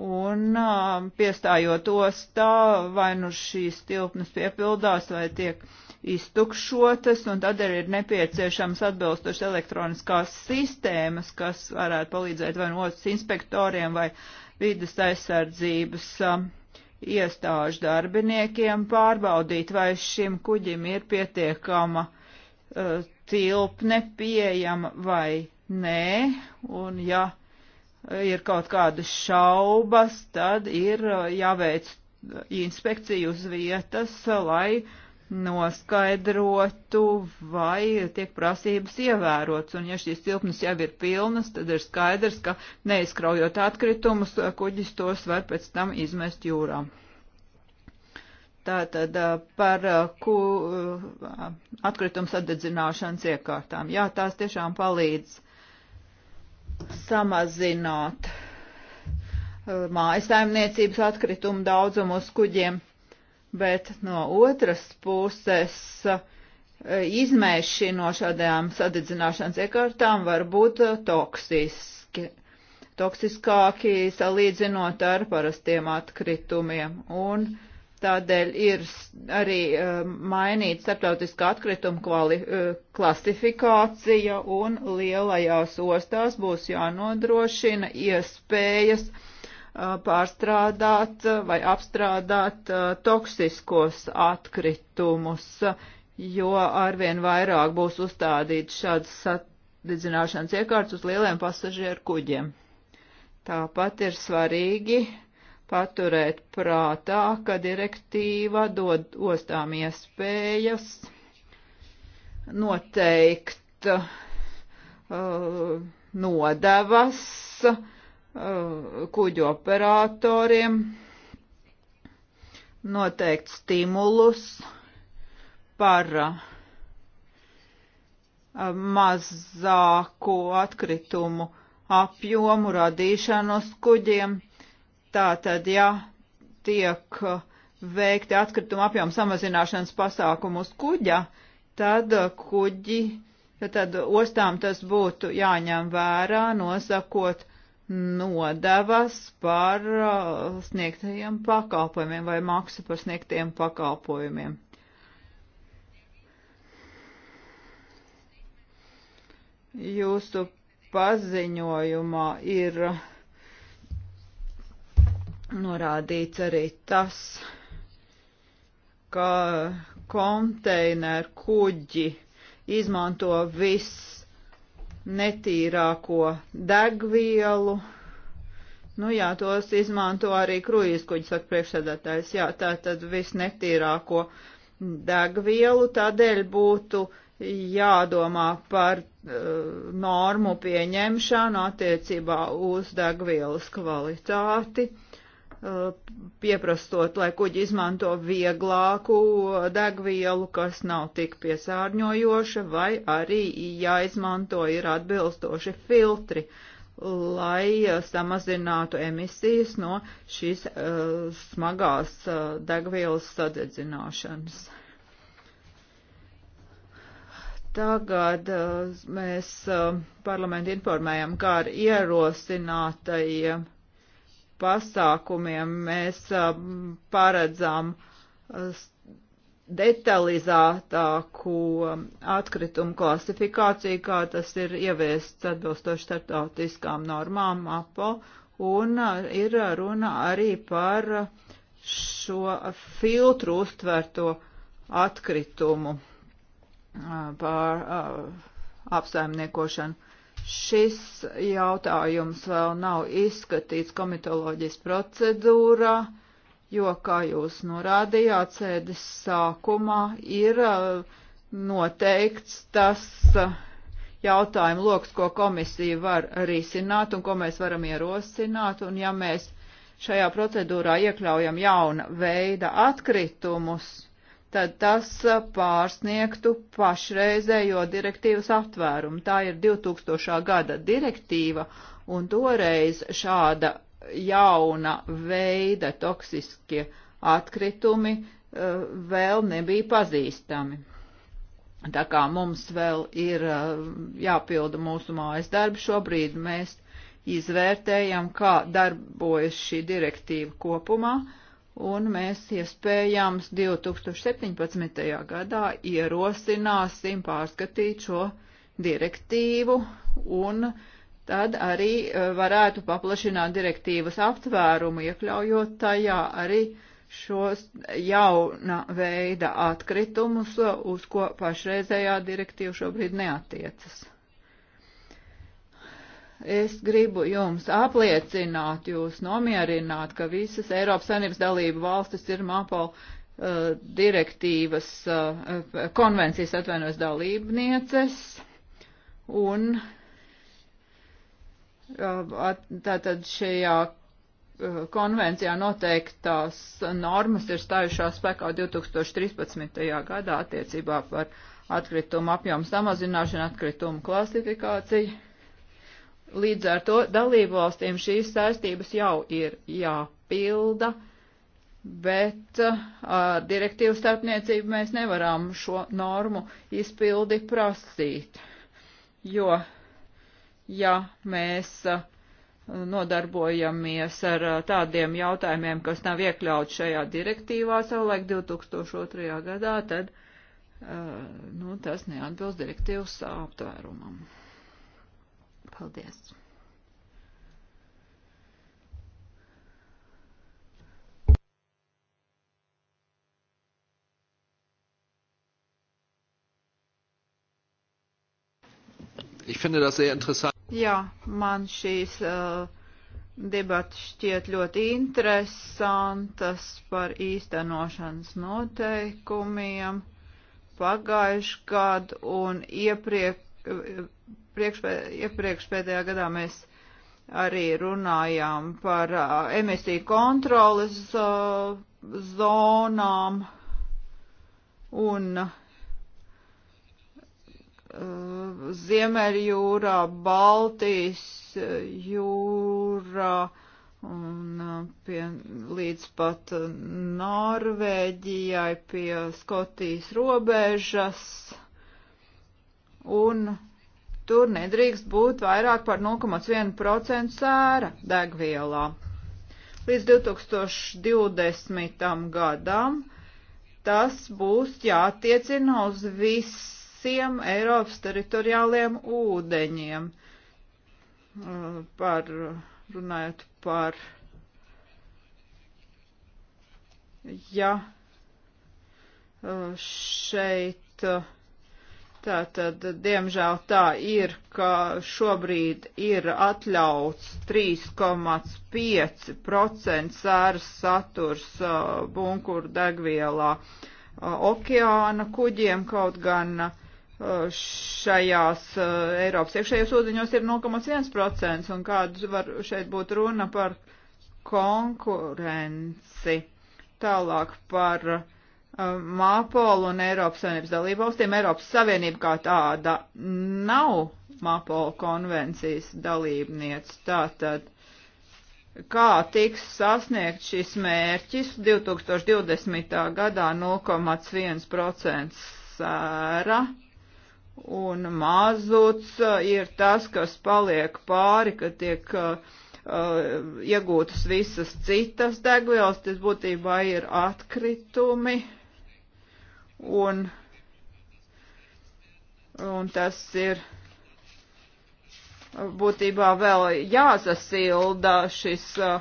Un uh, piestājot ostā, vai nu šīs tilpnes piepildās, vai tiek iztukšotas, un tādēļ ir nepieciešams atbilstoši elektroniskās sistēmas, kas varētu palīdzēt vai nu ostas inspektoriem, vai vidas aizsardzības uh, iestāžu darbiniekiem pārbaudīt, vai šim kuģim ir pietiekama uh, tilpne pieejama vai nē, un ja ir kaut kādas šaubas, tad ir uh, jāveic inspekcija uz vietas, uh, lai uh, noskaidrotu, vai tiek prasības ievērots. Un ja šīs tilpnes jau ir pilnas, tad ir skaidrs, ka neizkraujot atkritumus, kuģis tos var pēc tam izmest jūrā. Tātad par ku, atkritumu sadedzināšanas iekārtām. Jā, tās tiešām palīdz samazināt mājas saimniecības atkritumu daudzumu uz kuģiem bet no otras puses e, izmēšana no šādām sadedzināšanas iekārtām var būt e, toksiski, toksiskāki salīdzinot ar parastiem atkritumiem. Un tādēļ ir arī e, mainīta starptautiskā atkrituma kvali, klasifikācija un lielajās ostās būs jānodrošina iespējas. Ja pārstrādāt vai apstrādāt toksiskos atkritumus, jo arvien vairāk būs uzstādīts šāds sadedzināšanas iekārts uz lieliem pasažieru kuģiem. Tāpat ir svarīgi paturēt prātā, ka direktīva dod ostām iespējas noteikt uh, nodevas, uh, Uh, kuģu operatoriem noteikt stimulus par uh, mazāku atkritumu apjomu radīšanu uz kuģiem. Tātad, ja tiek uh, veikti atkrituma apjomu samazināšanas pasākumu uz kuģa, tad kuģi, tad ostām tas būtu jāņem vērā, nosakot nodevas par uh, sniegtajiem pakalpojumiem vai maksu par sniegtajiem pakalpojumiem. Jūsu paziņojumā ir norādīts arī tas, ka konteineru kuģi izmanto viss netīrāko degvielu. Nu jā, tos izmanto arī kruīzkuģi, saka priekšsēdētājs. Jā, tā tad visnetīrāko degvielu, tādēļ būtu jādomā par uh, normu pieņemšanu attiecībā uz degvielas kvalitāti. Uh, pieprastot, lai kuģi izmanto vieglāku degvielu, kas nav tik piesārņojoša, vai arī jāizmanto ir atbilstoši filtri, lai samazinātu emisijas no šīs uh, smagās uh, degvielas sadedzināšanas. Tagad uh, mēs parlamentu informējam, kā ar ierosinātajiem pasākumiem mēs paredzam detalizētāku atkritumu klasifikāciju, kā tas ir ieviests atbilstoši starptautiskām normām APO, un ir runa arī par šo filtru uztverto atkritumu pār apsaimniekošanu. Šis jautājums vēl nav izskatīts komitoloģijas procedūrā, jo, kā jūs norādījāt, sēdes sākumā ir uh, noteikts tas uh, jautājumu loks, ko komisija var risināt un ko mēs varam ierosināt, un ja mēs šajā procedūrā iekļaujam jauna veida atkritumus, tad tas uh, pārsniegtu pašreizējo direktīvas aptvērumu. Tā ir 2000. gada direktīva, un toreiz šāda jauna veida toksiskie atkritumi uh, vēl nebija pazīstami. Tā kā mums vēl ir uh, jāpilda mūsu mājas darbi, šobrīd mēs izvērtējam, kā darbojas šī direktīva kopumā un mēs iespējams 2017. gadā ierosināsim pārskatīt šo direktīvu un tad arī e, varētu paplašināt direktīvas aptvērumu, iekļaujot tajā arī šos jauna veida atkritumus, uz ko pašreizējā direktīva šobrīd neatiecas. Es gribu jums apliecināt, jūs nomierināt, ka visas Eiropas Savienības dalību valstis ir MAPOL uh, direktīvas uh, konvencijas atvainojas dalībnieces un uh, at, tātad šajā uh, konvencijā noteiktās normas ir stājušās spēkā 2013. gadā attiecībā par atkritumu apjomu samazināšanu, atkritumu klasifikāciju Līdz ar to dalībvalstīm šīs saistības jau ir jāpilda, bet uh, ar direktīvu starpniecību mēs nevaram šo normu izpildi prasīt, jo, ja mēs uh, nodarbojamies ar uh, tādiem jautājumiem, kas nav iekļauts šajā direktīvā savulaik 2002. gadā, tad nu, tas neatbilst direktīvas aptvērumam. Paldies! Ich finde das sehr interessant. Jā, man šīs uh, debatas šķiet ļoti interesantas par īstenošanas noteikumiem pagājuši gadu un iepriek priekšpē, iepriekš pēdējā gadā mēs arī runājām par uh, emisiju kontroles uh, zonām un uh, Ziemeļjūrā, Baltijas jūrā un pie, līdz pat Norvēģijai pie Skotijas robežas. Un tur nedrīkst būt vairāk par 0,1% sēra degvielā. Līdz 2020. gadam tas būs jātiecina uz visiem Eiropas teritoriāliem ūdeņiem. Uh, par, runājot par, ja uh, šeit uh, Tātad, diemžēl tā ir, ka šobrīd ir atļauts 3,5% sēras saturs bunkuru degvielā okeāna kuģiem, kaut gan šajās Eiropas iekšējos ūdeņos ir 0,1%, un kāda var šeit būt runa par konkurenci. Tālāk par uh, Uh, MAPOL un Eiropas Savienības dalībvalstīm. Eiropas Savienība kā tāda nav MAPOL konvencijas dalībniece. Tātad, kā tiks sasniegt šis mērķis 2020. gadā 0,1% sēra un mazuts uh, ir tas, kas paliek pāri, ka tiek uh, uh, iegūtas visas citas degvielas, tas būtībā ir atkritumi un, un tas ir būtībā vēl jāsasilda šis uh,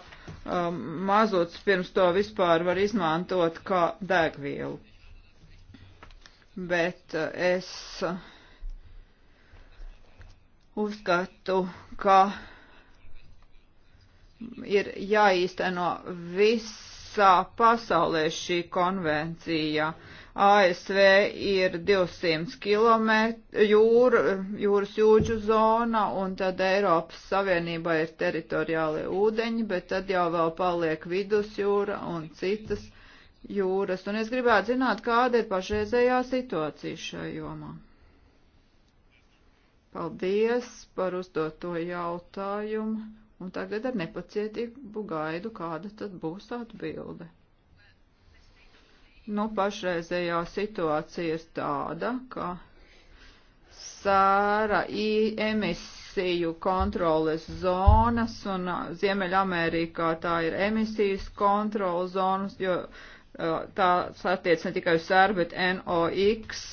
um, mazots pirms to vispār var izmantot kā degvielu. Bet uh, es uh, uzskatu, ka ir jāīsteno visā pasaulē šī konvencija. Uh, ASV ir 200 km jūra, jūras jūdžu zona, un tad Eiropas Savienībā ir teritoriālie ūdeņi, bet tad jau vēl paliek vidusjūra un citas jūras. Un es gribētu zināt, kāda ir pašreizējā situācija šajā jomā. Paldies par uzdoto jautājumu, un tagad ar nepacietību gaidu, kāda tad būs atbilde. Nu, pašreizējā situācija ir tāda, ka sēra emisiju kontroles zonas un Ziemeļamerikā tā ir emisijas kontroles zonas, jo tā attiec ne tikai uz sēru, bet NOx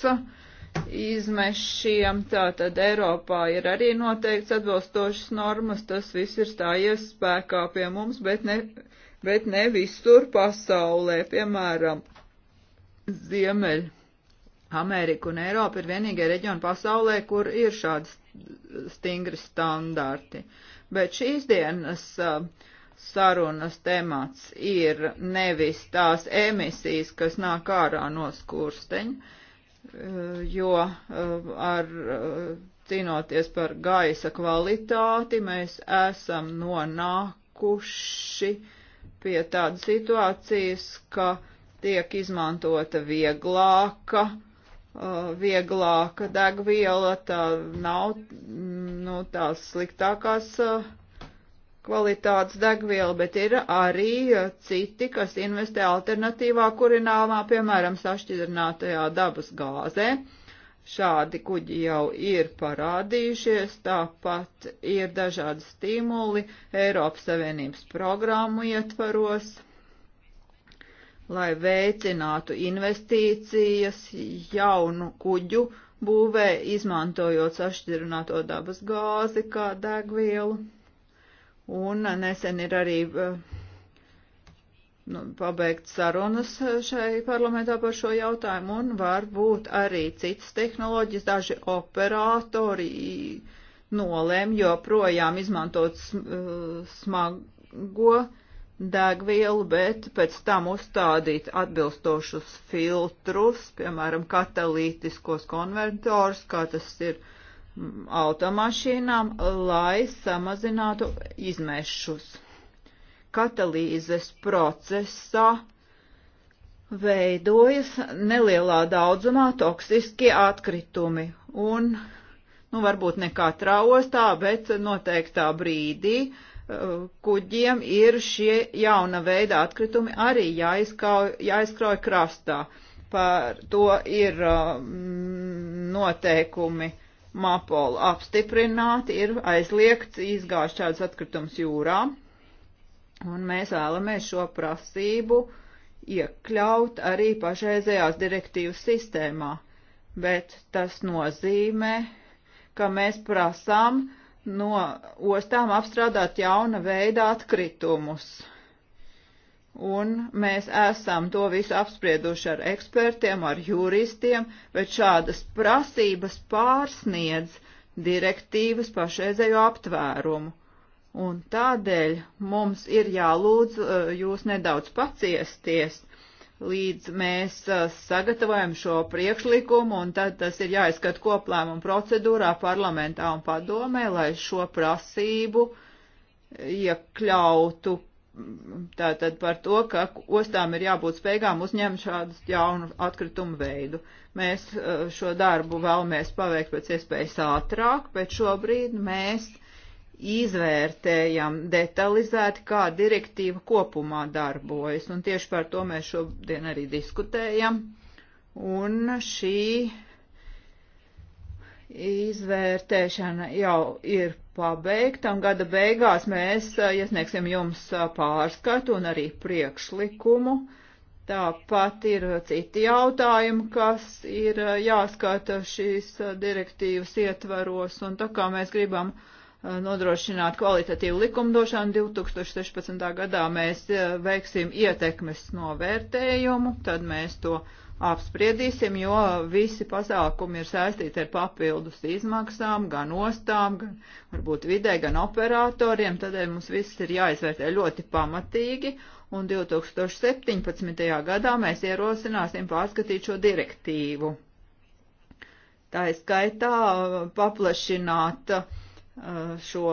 izmešiem. Tātad Eiropā ir arī noteikts atbilstošas normas, tas viss ir stājies spēkā pie mums, bet ne, bet ne visur pasaulē, piemēram. Ziemeļ Amerika un Eiropa ir vienīgie reģioni pasaulē, kur ir šādi stingri standarti. Bet šīs dienas uh, sarunas temats ir nevis tās emisijas, kas nāk ārā no skursteņa, uh, jo uh, ar uh, cīnoties par gaisa kvalitāti mēs esam nonākuši pie tādas situācijas, ka uh, tiek izmantota vieglāka, uh, vieglāka degviela, tā nav nu, tās sliktākās uh, kvalitātes degviela, bet ir arī uh, citi, kas investē alternatīvā kurināmā, piemēram, sašķidrinātajā dabas gāzē. Šādi kuģi jau ir parādījušies, tāpat ir dažādi stimuli Eiropas Savienības programmu ietvaros lai veicinātu investīcijas jaunu kuģu būvē, izmantojot sašķirināto dabas gāzi kā degvielu. Un nesen ir arī eh, nu, pabeigt sarunas eh, šai parlamentā par šo jautājumu, un varbūt arī citas tehnoloģijas, daži operatori nolēm joprojām izmantot eh, smago degvielu, bet pēc tam uzstādīt atbilstošus filtrus, piemēram, katalītiskos konvertors, kā tas ir mm, automašīnām, lai samazinātu izmešus. Katalīzes procesā veidojas nelielā daudzumā toksiskie atkritumi un, nu, varbūt ne katrā ostā, bet noteiktā brīdī uh, kuģiem ir šie jauna veida atkritumi arī jāizkauj, jāizkrauj krastā. Par to ir um, noteikumi mapola apstiprināti, ir aizliegts izgāzt šādus atkritumus jūrā, un mēs vēlamies šo prasību iekļaut arī pašreizējās direktīvas sistēmā, bet tas nozīmē, ka mēs prasām uh, no ostām apstrādāt jauna veida atkritumus. Un mēs esam to visu apsprieduši ar ekspertiem, ar juristiem, bet šādas prasības pārsniedz direktīvas pašreizējo aptvērumu. Un tādēļ mums ir jālūdz eh, jūs nedaudz paciesties līdz mēs sagatavojam šo priekšlikumu, un tad tas ir jāizskat koplēmuma procedūrā parlamentā un padomē, lai šo prasību iekļautu tātad par to, ka ostām ir jābūt spējām uzņemt šādus jaunu atkritumu veidu. Mēs šo darbu vēlamies paveikt pēc iespējas ātrāk, bet šobrīd mēs uh, izvērtējam detalizēti, kā direktīva kopumā darbojas, un tieši par to mēs šodien arī diskutējam. Un šī izvērtēšana jau ir pabeigta, un gada beigās mēs uh, iesniegsim jums uh, pārskatu un arī priekšlikumu. Tāpat ir uh, citi jautājumi, kas ir jāskata šīs direktīvas ietvaros, un tā kā mēs gribam uh, Uh, nodrošināt kvalitatīvu likumdošanu. 2016. gadā mēs uh, veiksim ietekmes novērtējumu, tad mēs to apspriedīsim, jo visi pasākumi ir saistīti ar papildus izmaksām, gan ostām, gan varbūt vidē, gan operatoriem, tādēļ mums viss ir jāizvērtē ļoti pamatīgi, un 2017. gadā mēs ierosināsim pārskatīt šo direktīvu. Tā ir skaitā paplašināta uh, uh Uh, šo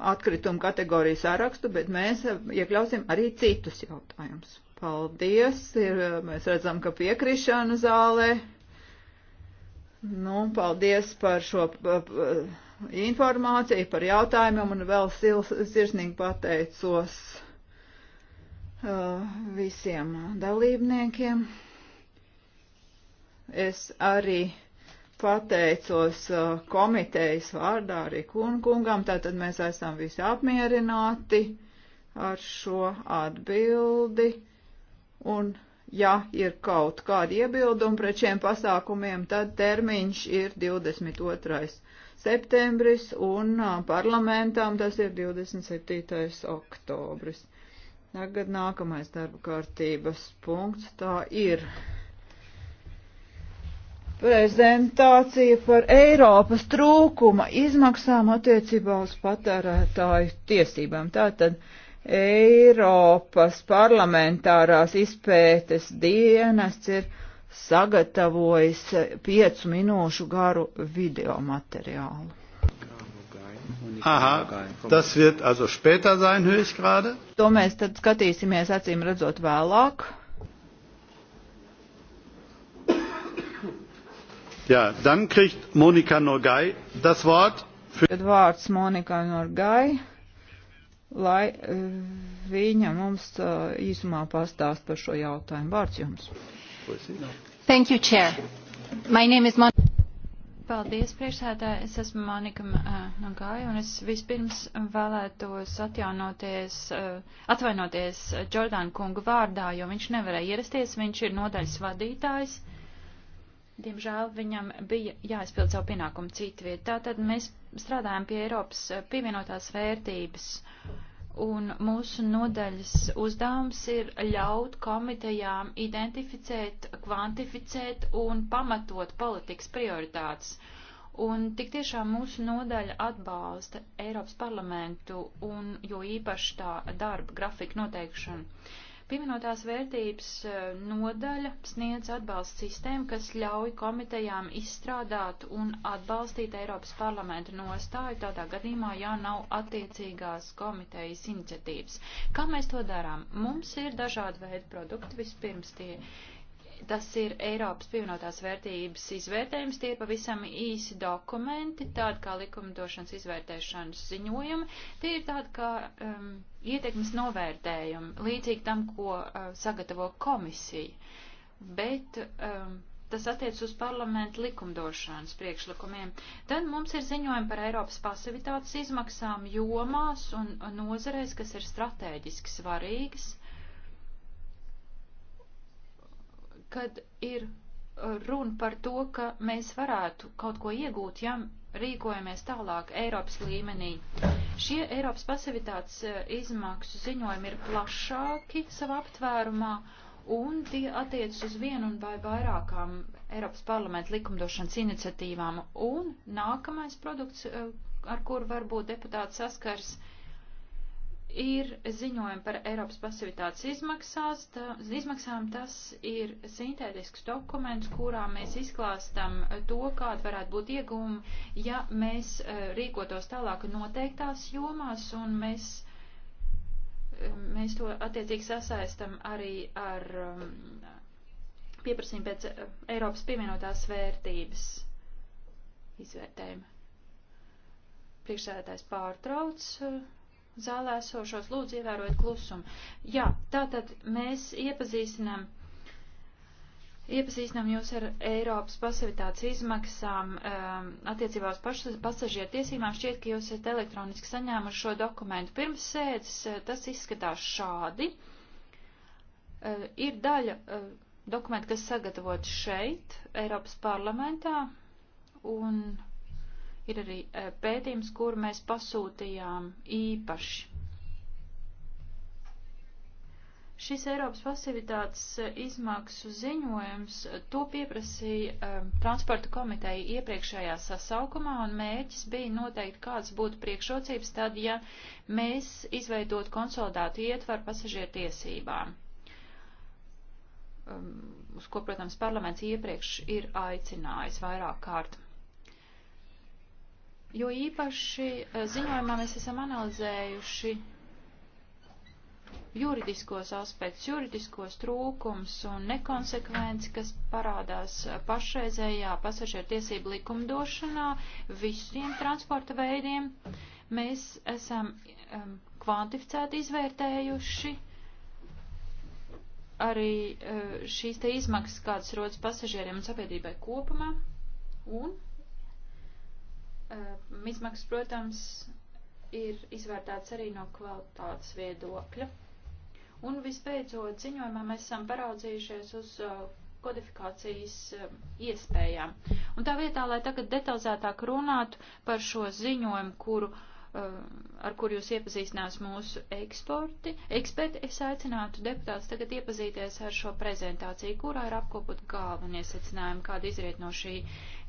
atkritumu kategoriju sārakstu, bet mēs uh, iekļausim arī citus jautājumus. Paldies! Ir, uh, mēs redzam, ka piekrišana zālē. Nu, paldies par šo informāciju, par jautājumiem un vēl sirsnīgi pateicos visiem dalībniekiem. Es arī pateicos uh, komitejas vārdā arī kungam, tātad mēs esam visi apmierināti ar šo atbildi. Un, ja ir kaut kādi iebildumi pret šiem pasākumiem, tad termiņš ir 22. septembris un uh, parlamentām tas ir 27. oktobris. Tagad nākamais darba kārtības punkts, tā ir prezentācija par Eiropas trūkuma izmaksām attiecībā uz patērētāju tiesībām. Tātad Eiropas parlamentārās izpētes dienests ir sagatavojis piecu minūšu garu video materiālu. Aha, tas wird also später sein, höre ich gerade. To mēs tad skatīsimies acīm redzot vēlāk. Ja, dann kriegt Monika Norgai das Wort. Für... Tad vārds Monika Norgai, lai eh, viņa mums eh, īsumā pastāst par šo jautājumu. Vārds jums. Thank you, Chair. My name is Monika. Paldies, priekšsēdē. Es esmu Monika eh, Nogāja, un es vispirms vēlētos atjaunoties, atvainoties Jordāna kunga vārdā, jo viņš nevarēja ierasties, viņš ir nodaļas vadītājs Diemžēl viņam bija jāizpild savu pienākumu citviet. Tātad mēs strādājam pie Eiropas pievienotās vērtības, un mūsu nodaļas uzdevums ir ļaut komitejām identificēt, kvantificēt un pamatot politikas prioritātes. Un tik tiešām mūsu nodaļa atbalsta Eiropas parlamentu un jo īpaši tā darba grafika noteikšanu. Pieminotās vērtības e, nodaļa sniedz atbalsta sistēmu, kas ļauj komitejām izstrādāt un atbalstīt Eiropas parlamenta nostāju tādā gadījumā, ja nav attiecīgās komitejas iniciatīvas. Kā mēs to darām? Mums ir dažādi veidi produkti. Vispirms tie tas ir Eiropas pievienotās vērtības izvērtējums, tie ir pavisam īsi dokumenti, tādi kā likumdošanas izvērtēšanas ziņojumi, tie ir tādi kā um, ietekmes novērtējumu, līdzīgi tam, ko uh, sagatavo komisija, bet um, tas attiec uz parlamentu likumdošanas priekšlikumiem. Tad mums ir ziņojumi par Eiropas pasivitātes izmaksām jomās un nozareis, kas ir strateģiski svarīgas, kad ir uh, runa par to, ka mēs varētu kaut ko iegūt, ja rīkojamies tālāk Eiropas līmenī. Šie Eiropas pasivitātes eh, izmaksu ziņojumi ir plašāki savā aptvērumā un tie attiec uz vienu un vai vairākām Eiropas parlamenta likumdošanas iniciatīvām. Un nākamais produkts, eh, ar kuru varbūt deputāts saskars, ir ir ziņojumi par Eiropas pasivitātes izmaksās, tā, izmaksām. Tas ir sintētisks dokuments, kurā mēs izklāstam to, kāda varētu būt iegūma, ja mēs eh, rīkotos tālāk noteiktās jomās, un mēs, eh, mēs to attiecīgi sasaistam arī ar um, pieprasījumu pēc eh, Eiropas pievienotās vērtības izvērtējumu. Priekšsēdētājs pārtrauc. Uh, zālē esošos, lūdzu ievērojiet klusumu. Jā, tātad mēs iepazīstinām. Iepazīstinām jūs ar Eiropas pasivitātes izmaksām um, attiecībā uz pasažieru tiesībām. Šķiet, ka jūs esat elektroniski saņēmuši šo dokumentu. Pirms sēdes uh, tas izskatās šādi. Uh, ir daļa uh, dokumenta, kas sagatavot šeit, Eiropas parlamentā, un Ir arī eh, pētījums, kur mēs pasūtījām īpaši. Šis Eiropas pasivitātes eh, izmaksu ziņojums, eh, to pieprasīja um, transporta komiteja iepriekšējā sasaukumā, un mērķis bija noteikt, kāds būtu priekšrocības tad, ja mēs izveidot konsolidētu ietvaru pasažieru tiesībām, um, uz ko, protams, parlaments iepriekš ir aicinājis vairāk kārt jo īpaši eh, ziņojumā mēs esam analizējuši juridiskos aspektus, juridiskos trūkums un nekonsekvenci, kas parādās eh, pašreizējā pasažieru tiesību likumdošanā visiem transporta veidiem. Mēs esam um, kvantificēti izvērtējuši arī uh, šīs te izmaksas, kādas rodas pasažieriem un sabiedrībai kopumā. Un Ehm, izmaksas, protams, ir izvērtētas arī no kvalitātes viedokļa. Un visbeidzot, ziņojumā mēs esam paraudzījušies uz ehm, kodifikācijas ehm, iespējām. Un tā vietā, lai tagad detalizētāk runātu par šo ziņojumu, kuru uh, Eh, ar kur jūs iepazīstinās mūsu eksporti. Eksperti, es aicinātu deputātus tagad iepazīties ar šo prezentāciju, kurā ir apkopot galvenie secinājumi, kāda izriet no šī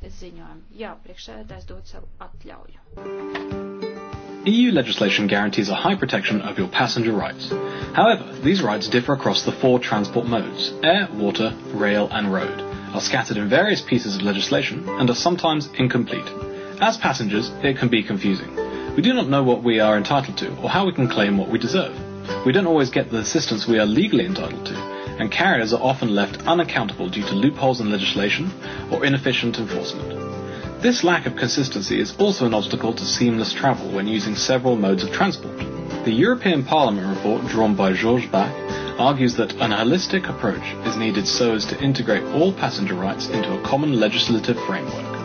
ziņojuma. Jā, priekšsēdētājs dod savu atļauju. EU legislation guarantees a high protection of your passenger rights. However, these rights differ across the four transport modes air, water, rail, and road, are scattered in various pieces of legislation, and are sometimes incomplete. As passengers, it can be confusing. We do not know what we are entitled to or how we can claim what we deserve. We don't always get the assistance we are legally entitled to, and carriers are often left unaccountable due to loopholes in legislation or inefficient enforcement. This lack of consistency is also an obstacle to seamless travel when using several modes of transport. The European Parliament report drawn by Georges Bach argues that an holistic approach is needed so as to integrate all passenger rights into a common legislative framework.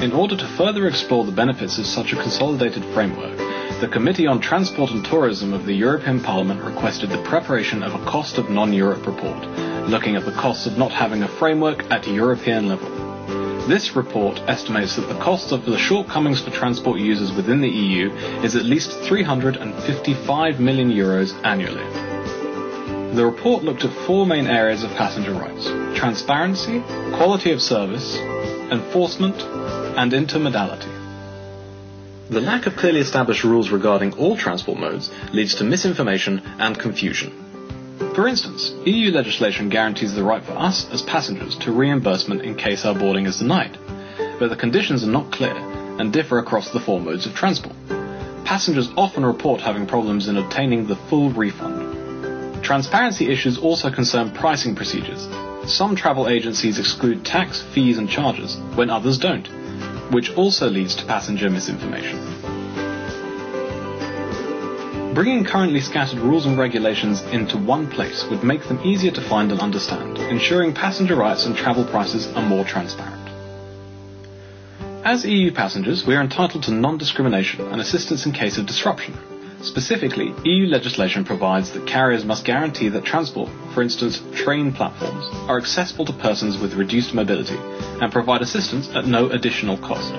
In order to further explore the benefits of such a consolidated framework, the Committee on Transport and Tourism of the European Parliament requested the preparation of a Cost of Non-Europe report, looking at the costs of not having a framework at a European level. This report estimates that the cost of the shortcomings for transport users within the EU is at least 355 million euros annually. The report looked at four main areas of passenger rights: transparency, quality of service, enforcement, and intermodality. The lack of clearly established rules regarding all transport modes leads to misinformation and confusion. For instance, EU legislation guarantees the right for us as passengers to reimbursement in case our boarding is denied, but the conditions are not clear and differ across the four modes of transport. Passengers often report having problems in obtaining the full refund. Transparency issues also concern pricing procedures. Some travel agencies exclude tax, fees, and charges, when others don't which also leads to passenger misinformation. Bringing currently scattered rules and regulations into one place would make them easier to find and understand, ensuring passenger rights and travel prices are more transparent. As EU passengers, we are entitled to non-discrimination and assistance in case of disruption, Specifically, EU legislation provides that carriers must guarantee that transport, for instance train platforms, are accessible to persons with reduced mobility and provide assistance at no additional cost.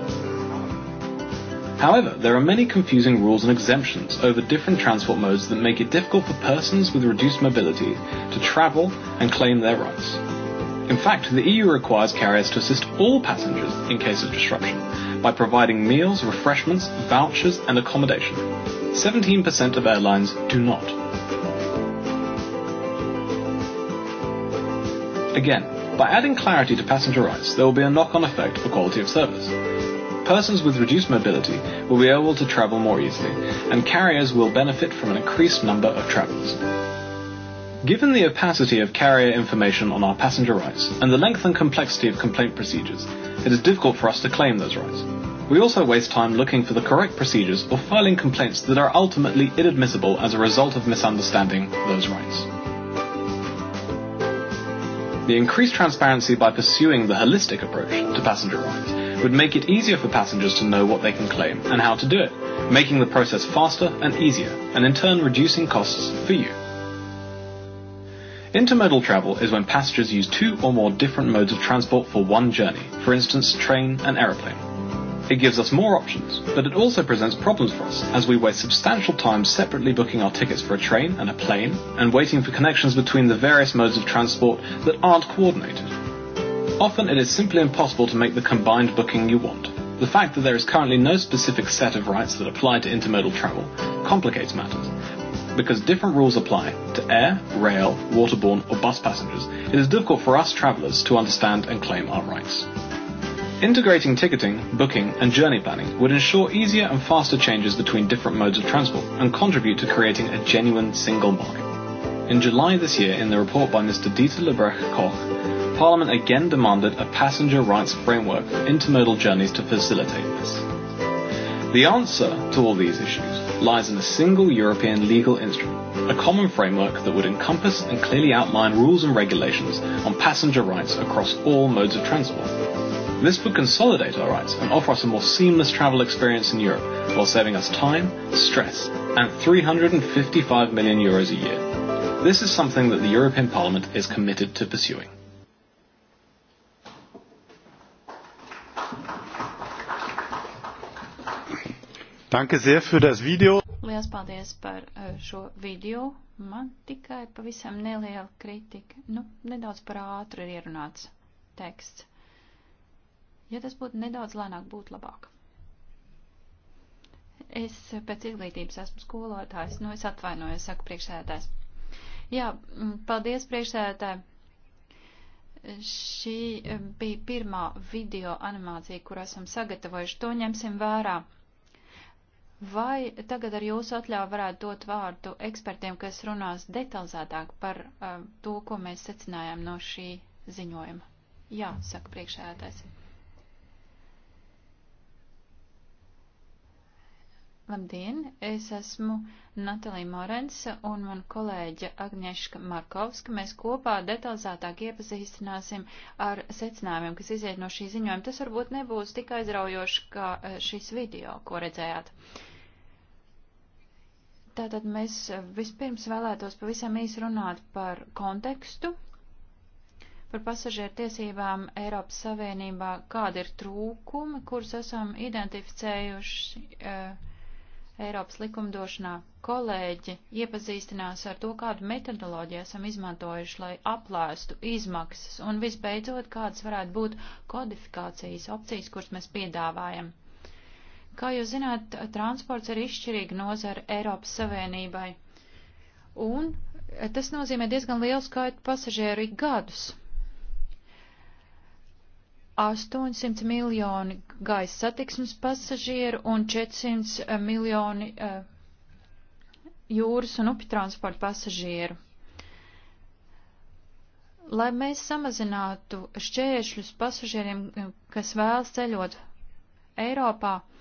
However, there are many confusing rules and exemptions over different transport modes that make it difficult for persons with reduced mobility to travel and claim their rights. In fact, the EU requires carriers to assist all passengers in case of disruption by providing meals, refreshments, vouchers, and accommodation, 17% of airlines do not. Again, by adding clarity to passenger rights, there will be a knock-on effect for quality of service. Persons with reduced mobility will be able to travel more easily, and carriers will benefit from an increased number of travelers. Given the opacity of carrier information on our passenger rights and the length and complexity of complaint procedures, it is difficult for us to claim those rights. We also waste time looking for the correct procedures or filing complaints that are ultimately inadmissible as a result of misunderstanding those rights. The increased transparency by pursuing the holistic approach to passenger rights would make it easier for passengers to know what they can claim and how to do it, making the process faster and easier, and in turn reducing costs for you. Intermodal travel is when passengers use two or more different modes of transport for one journey, for instance train and aeroplane. It gives us more options, but it also presents problems for us as we waste substantial time separately booking our tickets for a train and a plane and waiting for connections between the various modes of transport that aren't coordinated. Often it is simply impossible to make the combined booking you want. The fact that there is currently no specific set of rights that apply to intermodal travel complicates matters, because different rules apply to air, rail, waterborne, or bus passengers, it is difficult for us travellers to understand and claim our rights. Integrating ticketing, booking, and journey planning would ensure easier and faster changes between different modes of transport and contribute to creating a genuine single market. In July this year, in the report by Mr. Dieter Lebrecht Koch, Parliament again demanded a passenger rights framework for intermodal journeys to facilitate this. The answer to all these issues lies in a single European legal instrument, a common framework that would encompass and clearly outline rules and regulations on passenger rights across all modes of transport. This would consolidate our rights and offer us a more seamless travel experience in Europe, while saving us time, stress, and 355 million euros a year. This is something that the European Parliament is committed to pursuing. Danke sehr für das Video. Lielas paldies par uh, šo video. Man tikai pavisam neliela kritika. Nu, nedaudz par ātri ir ierunāts teksts. Ja tas būtu nedaudz lēnāk, būtu labāk. Es pēc izglītības esmu skolotājs, nu es atvainojos, saku priekšsēdētājs. Jā, paldies priekšsēdētājai. Šī bija pirmā video animācija, kur esam sagatavojuši, to ņemsim vērā. Vai tagad ar jūsu atļauju varētu dot vārdu ekspertiem, kas runās detalizētāk par uh, to, ko mēs secinājām no šī ziņojuma? Jā, saka priekšējātais. Labdien! Es esmu Natalija Morensa un man kolēģa Agnieszka Markovska. Mēs kopā detalizētāk iepazīstināsim ar secinājumiem, kas iziet no šī ziņojuma. Tas varbūt nebūs tik aizraujoši kā eh, šis video, ko redzējāt. Tātad mēs eh, vispirms vēlētos pavisam īsi runāt par kontekstu, par pasažieru tiesībām Eiropas Savienībā, kāda ir trūkumi, kurus esam identificējuši. Uh, Eiropas likumdošanā kolēģi iepazīstinās ar to, kādu metodoloģiju esam izmantojuši, lai aplēstu izmaksas un visbeidzot, kādas varētu būt kodifikācijas opcijas, kuras mēs piedāvājam. Kā jūs zināt, transports ir izšķirīga nozara Eiropas Savienībai, un tas nozīmē diezgan lielu skaitu pasažieru ik gadus. 800 miljoni gaisa satiksmes pasažieru un 400 eh, miljoni uh, jūras un upju transporta pasažieru. Lai mēs samazinātu šķēršļus pasažieriem, eh, kas vēlas ceļot Eiropā, uh,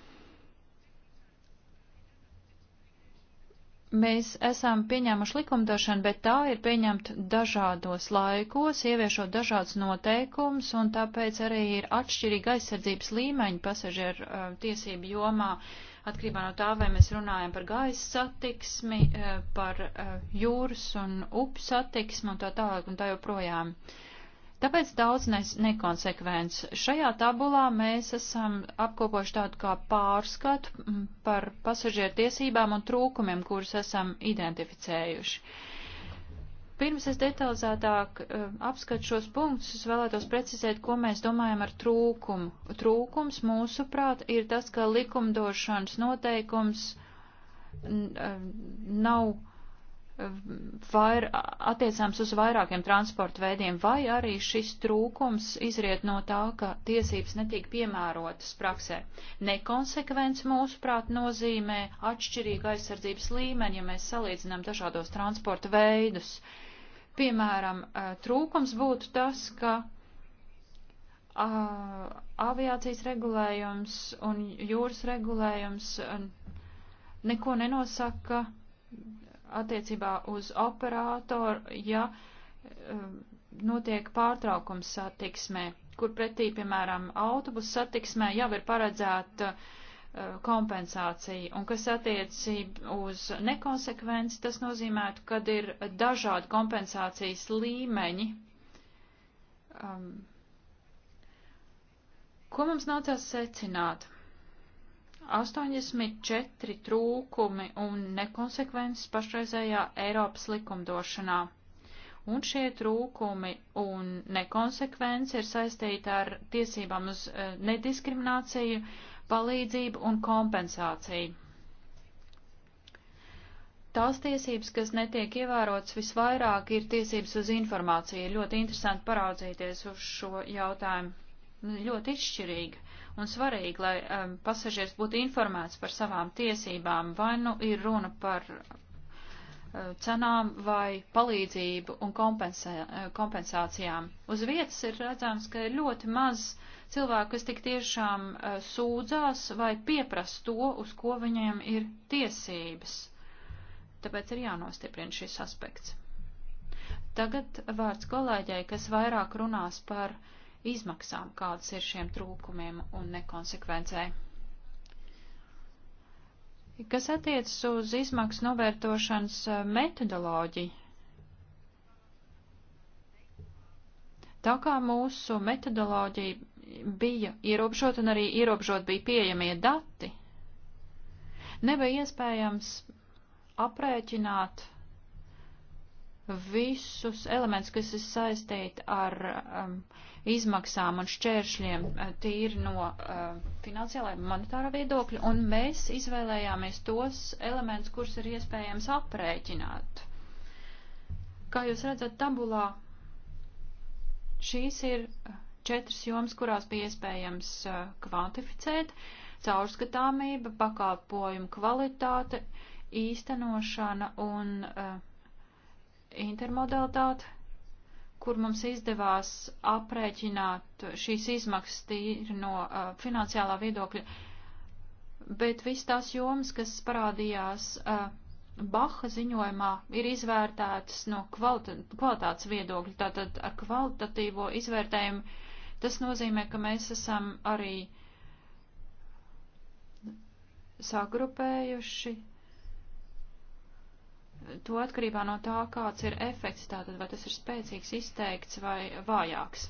Mēs esam pieņēmuši likumdošanu, bet tā ir pieņemta dažādos laikos, ieviešot dažādas noteikumus, un tāpēc arī ir atšķirīga aizsardzības līmeņa pasažieru uh, tiesību jomā, atkarībā no tā, vai mēs runājam par gaisa satiksmi, uh, par uh, jūras un upu satiksmi un tā tālāk un tā joprojām. Uh, Tāpēc daudz nes nekonsekvents. Šajā tabulā mēs esam apkopoši tādu kā pārskatu mm, par pasažieru tiesībām un trūkumiem, kurus esam identificējuši. Pirms es detalizētāk uh, apskatu šos punktus, es vēlētos precizēt, ko mēs domājam ar trūkumu. Trūkums, mūsuprāt, ir tas, ka likumdošanas noteikums eh, nav vair, attiecams uz vairākiem transporta veidiem, vai arī šis trūkums izriet no tā, ka tiesības netiek piemērotas praksē. Nekonsekvence mūsuprāt nozīmē atšķirīgu aizsardzības līmeni, ja mēs salīdzinām dažādos transporta veidus. Piemēram, trūkums būtu tas, ka aviācijas regulējums un jūras regulējums neko nenosaka attiecībā uz operātoru, ja um, notiek pārtraukums satiksmē, kur pretī, piemēram, autobusu satiksmē jau ir paredzēta uh, kompensācija, un kas attiecība uz nekonsekvenci, tas nozīmētu, kad ir dažādi kompensācijas līmeņi. Um, ko mums nācās secināt? 84 trūkumi un nekonsekvences pašreizējā Eiropas likumdošanā. Un šie trūkumi un nekonsekvence ir saistīti ar tiesībām uz e, nediskrimināciju, palīdzību un kompensāciju. Tās tiesības, kas netiek ievērotas visvairāk, ir tiesības uz informāciju. Ļoti interesanti paraudzīties uz šo jautājumu ļoti izšķirīga un svarīga, lai um, pasažieris būtu informēts par savām tiesībām, vai nu ir runa par uh, cenām vai palīdzību un kompensē, uh, kompensācijām. Uz vietas ir redzams, ka ir ļoti maz cilvēku, kas tik tiešām uh, sūdzās vai pieprasa to, uz ko viņiem ir tiesības. Tāpēc ir jānostiprina šis aspekts. Tagad vārds kolēģei, kas vairāk runās par uh, izmaksām, kādas ir šiem trūkumiem un nekonsekvencei. Kas attiecas uz izmaksu novērtošanas e, metodoloģiju? Tā kā mūsu metodoloģija bija ierobežota un arī ierobežot bija pieejamie dati, nebija iespējams aprēķināt visus elementus, kas ir saistīti ar um, izmaksām un šķēršļiem uh, tīri no uh, finansiālā un monetārā viedokļa, un mēs izvēlējāmies tos elementus, kurus ir iespējams aprēķināt. Kā jūs redzat tabulā, šīs ir četras jomas, kurās bija iespējams uh, kvantificēt - caurskatāmība, pakalpojumu kvalitāte, īstenošana un uh, intermodalitāti, kur mums izdevās aprēķināt šīs izmaksas tīri no uh, finansiālā viedokļa, bet viss tās jomas, kas parādījās uh, Baha ziņojumā, ir izvērtētas no kvalita kvalitātes viedokļa, tātad ar kvalitatīvo izvērtējumu. Tas nozīmē, ka mēs esam arī sagrupējuši to atkarībā no tā, kāds ir efekts, tātad vai tas ir spēcīgs, izteikts vai vājāks.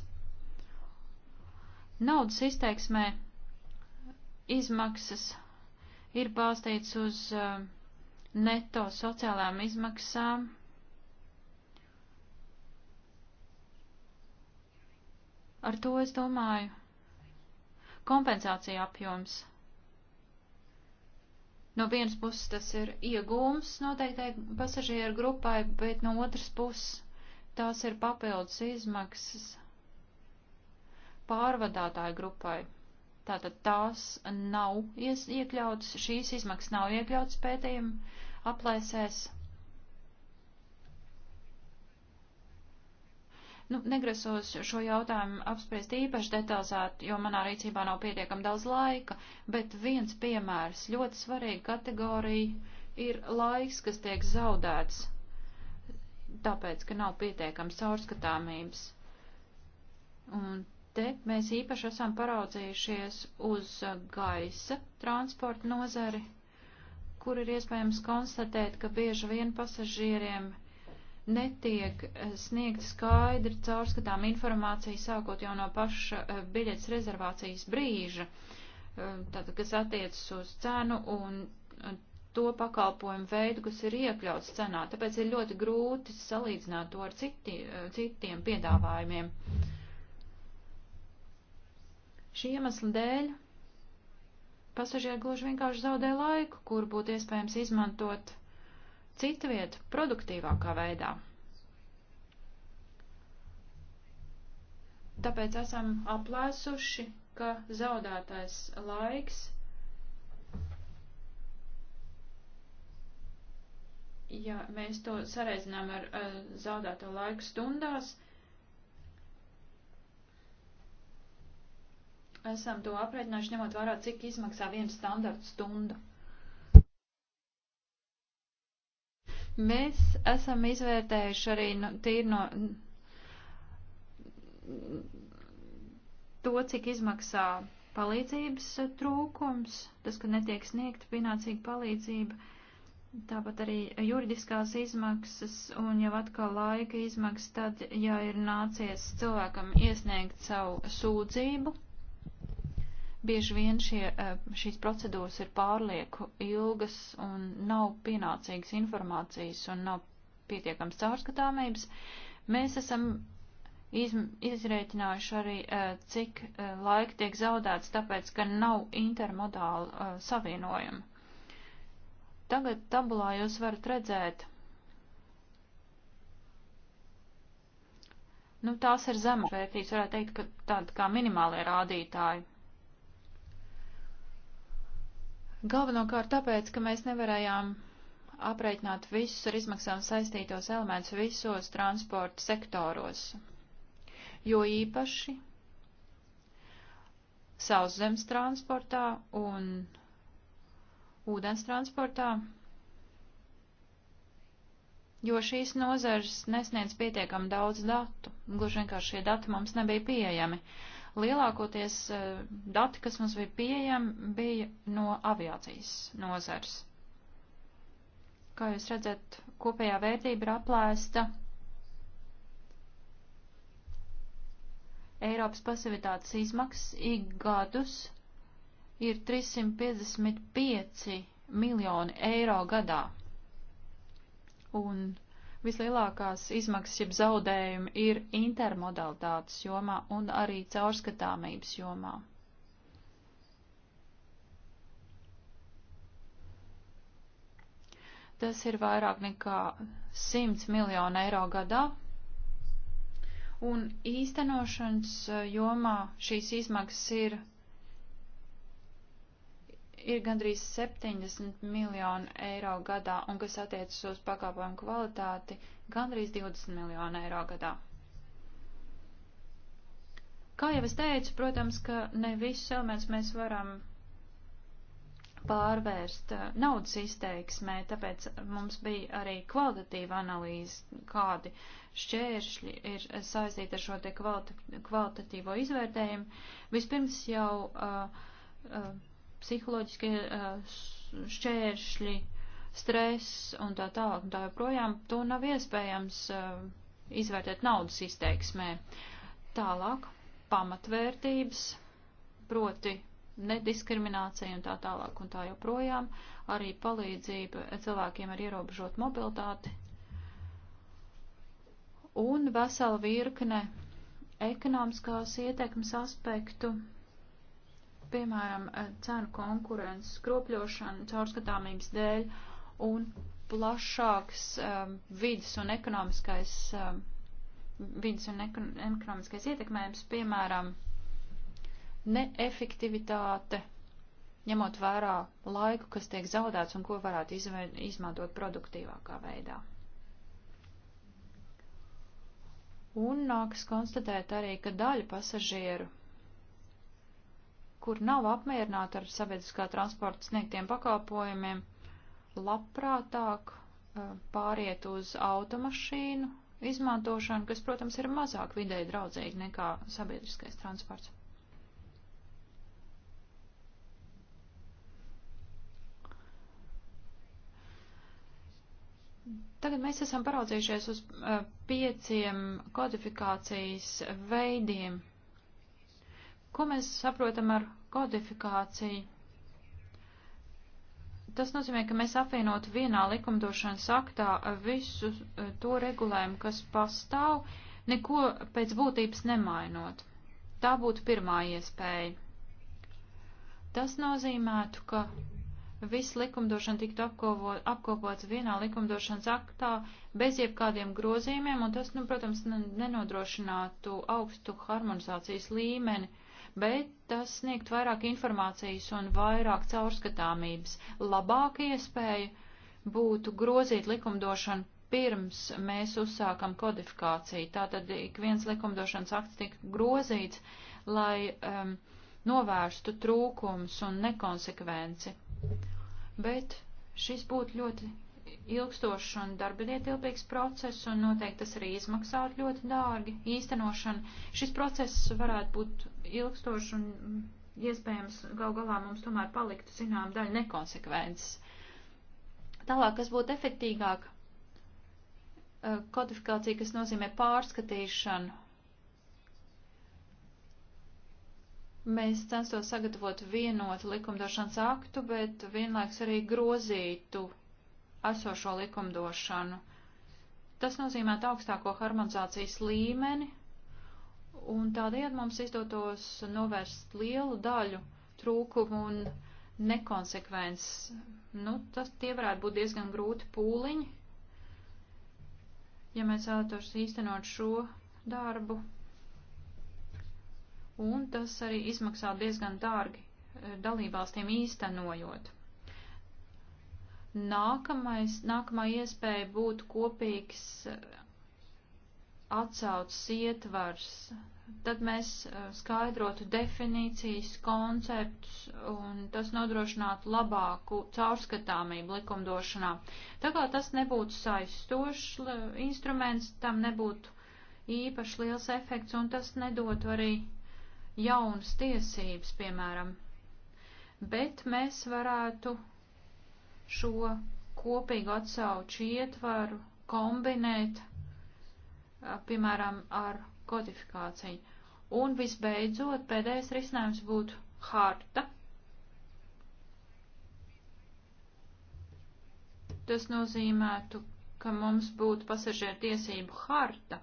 Naudas izteiksmē izmaksas ir balstīts uz uh, neto sociālām izmaksām. Ar to es domāju kompensācija apjoms No vienas puses tas ir iegūms noteiktai pasažieru grupai, bet no otras puses tās ir papildus izmaksas pārvadātāju grupai. Tātad tās nav ies, iekļautas, šīs izmaksas nav iekļautas pētījuma aplēsēs. Nu, negrasos šo jautājumu apspriest īpaši detalizēt, jo manā rīcībā nav pietiekam daudz laika, bet viens piemērs ļoti svarīga kategorija ir laiks, kas tiek zaudēts, tāpēc, ka nav pietiekams caurskatāmības. Un te mēs īpaši esam paraudzījušies uz gaisa transporta nozari, kur ir iespējams konstatēt, ka bieži vien pasažieriem netiek eh, sniegta skaidra, caurskatām informācija sākot jau no paša eh, biļetes rezervācijas brīža, eh, tātad, kas attiecas uz cenu un to pakalpojumu veidu, kas ir iekļauts cenā. Tāpēc ir ļoti grūti salīdzināt to ar citi, citiem piedāvājumiem. Šī iemesla dēļ pasažieri gluži vienkārši zaudē laiku, kur būtu iespējams izmantot citviet produktīvākā veidā. Tāpēc esam aplēsuši, ka zaudētais laiks ja mēs to sareizinām ar uh, zaudēto laiku stundās, esam to aprēķinājuši ņemot vērā, cik izmaksā viena standarta stunda. Mēs esam izvērtējuši arī no, tīri no to, cik izmaksā palīdzības trūkums, tas, ka netiek sniegta pienācīga palīdzība, tāpat arī juridiskās izmaksas un jau atkal laika izmaksas, tad, ja ir nācies cilvēkam iesniegt savu sūdzību Bieži vien šie, eh, šīs procedūras ir pārlieku ilgas un nav pienācīgas informācijas un nav pietiekams caurskatāmības. Mēs esam izrēķinājuši arī, eh, cik eh, laika tiek zaudēts, tāpēc, ka nav intermodāla savienojuma. Tagad tabulā jūs varat redzēt, nu, tās ir zemes vērtības, varētu teikt, ka tāda kā minimālie rādītāji. Galvenokārt tāpēc, ka mēs nevarējām aprēķināt visus ar izmaksām saistītos elementus visos transporta sektoros, jo īpaši sauszemes transportā un ūdens transportā, jo šīs nozares nesniedz pietiekam daudz datu, gluži vienkārši šie dati mums nebija pieejami. Uh, lielākoties eh, dati, kas mums bija pieejami, bija no aviācijas nozars. Kā jūs redzat, kopējā vērtība ir aplēsta Eiropas pasivitātes izmaksas ik gadus ir 355 miljoni eiro gadā. Un Vislielākās izmaksas jeb zaudējumi ir intermodalitātes jomā un arī caurskatāmības jomā. Tas ir vairāk nekā 100 miljonu eiro gadā. Un īstenošanas eh, jomā šīs izmaksas ir ir gandrīz 70 miljonu eiro gadā, un kas attiecas uz pakalpojumu kvalitāti, gandrīz 20 miljonu eiro gadā. Kā jau es teicu, protams, ka ne visus elementus mēs varam pārvērst eh, naudas izteiksmē, tāpēc mums bija arī kvalitatīva analīze, kādi šķēršļi ir saistīti ar šo te kvalitatīvo izvērtējumu. Vispirms jau uh, uh, psiholoģiskie šķēršļi, stress un tā tālāk un tā joprojām, to nav iespējams izvērtēt naudas izteiksmē. Tālāk pamatvērtības, proti nediskriminācija un tā tālāk un tā joprojām, arī palīdzība cilvēkiem ar ierobežotu mobilitāti un vesela virkne ekonomiskās ietekmes aspektu piemēram, eh, cenu konkurences skropļošana caurskatāmības dēļ un plašāks um, vidas un ekonomiskais, um, vidas un ekon ekonomiskais ietekmējums, piemēram, neefektivitāte, ņemot vērā laiku, kas tiek zaudēts un ko varētu izmantot produktīvākā veidā. Un nāks konstatēt arī, ka daļa pasažieru kur nav apmierināti ar sabiedriskā transporta sniegtiem pakalpojumiem, labprātāk eh, pāriet uz automašīnu izmantošanu, kas, protams, ir mazāk vidēji draudzīgi nekā sabiedriskais transports. Tagad mēs esam paraudzījušies uz eh, pieciem kodifikācijas veidiem. Ko mēs saprotam ar kodifikāciju. Tas nozīmē, ka mēs apvienot vienā likumdošanas aktā visu eh, to regulējumu, kas pastāv, neko pēc būtības nemainot. Tā būtu pirmā iespēja. Tas nozīmētu, ka viss likumdošana tiktu apkopot, apkopots vienā likumdošanas aktā bez jebkādiem grozījumiem, un tas, nu, protams, nenodrošinātu augstu harmonizācijas līmeni. Uh, bet tas sniegt vairāk informācijas un vairāk caurskatāmības. Labāka iespēja būtu grozīt likumdošanu pirms mēs uzsākam kodifikāciju. Tātad ik viens likumdošanas akts tiek grozīts, lai um, novērstu trūkums un nekonsekvenci. Bet šis būtu ļoti ilgstošs un darbietilpīgs process, un noteikti tas arī izmaksātu ļoti dārgi. Īstenošana, šis process varētu būt ilgstošs un mm, iespējams gal galā mums tomēr paliktu zinām daļa nekonsekvences. Tālāk, kas būtu efektīgāk, eh, kodifikācija, kas nozīmē pārskatīšanu. Mēs censtos sagatavot vienotu likumdošanas aktu, bet vienlaiks arī grozītu esošo likumdošanu. Tas nozīmē augstāko harmonizācijas līmeni, un tādējādi mums izdotos novērst lielu daļu trūkumu un nekonsekvences. Nu, tas tie varētu būt diezgan grūti pūliņi, ja mēs vēlētos īstenot šo darbu. Un tas arī izmaksā diezgan dārgi eh, dalībvalstīm īstenojot. Nākamais, nākamā iespēja būtu kopīgs atsaucas ietvars. Tad mēs eh, skaidrotu definīcijas, konceptus, un tas nodrošinātu labāku caurskatāmību likumdošanā. Tā kā tas nebūtu saistošs instruments, tam nebūtu īpaši liels efekts, un tas nedotu arī jaunas tiesības, piemēram. Bet mēs varētu šo kopīgu atsauču ietvaru kombinēt, piemēram, ar kodifikāciju. Un visbeidzot, pēdējais risinājums būtu harta. Tas nozīmētu, ka mums būtu pasažieru tiesību harta,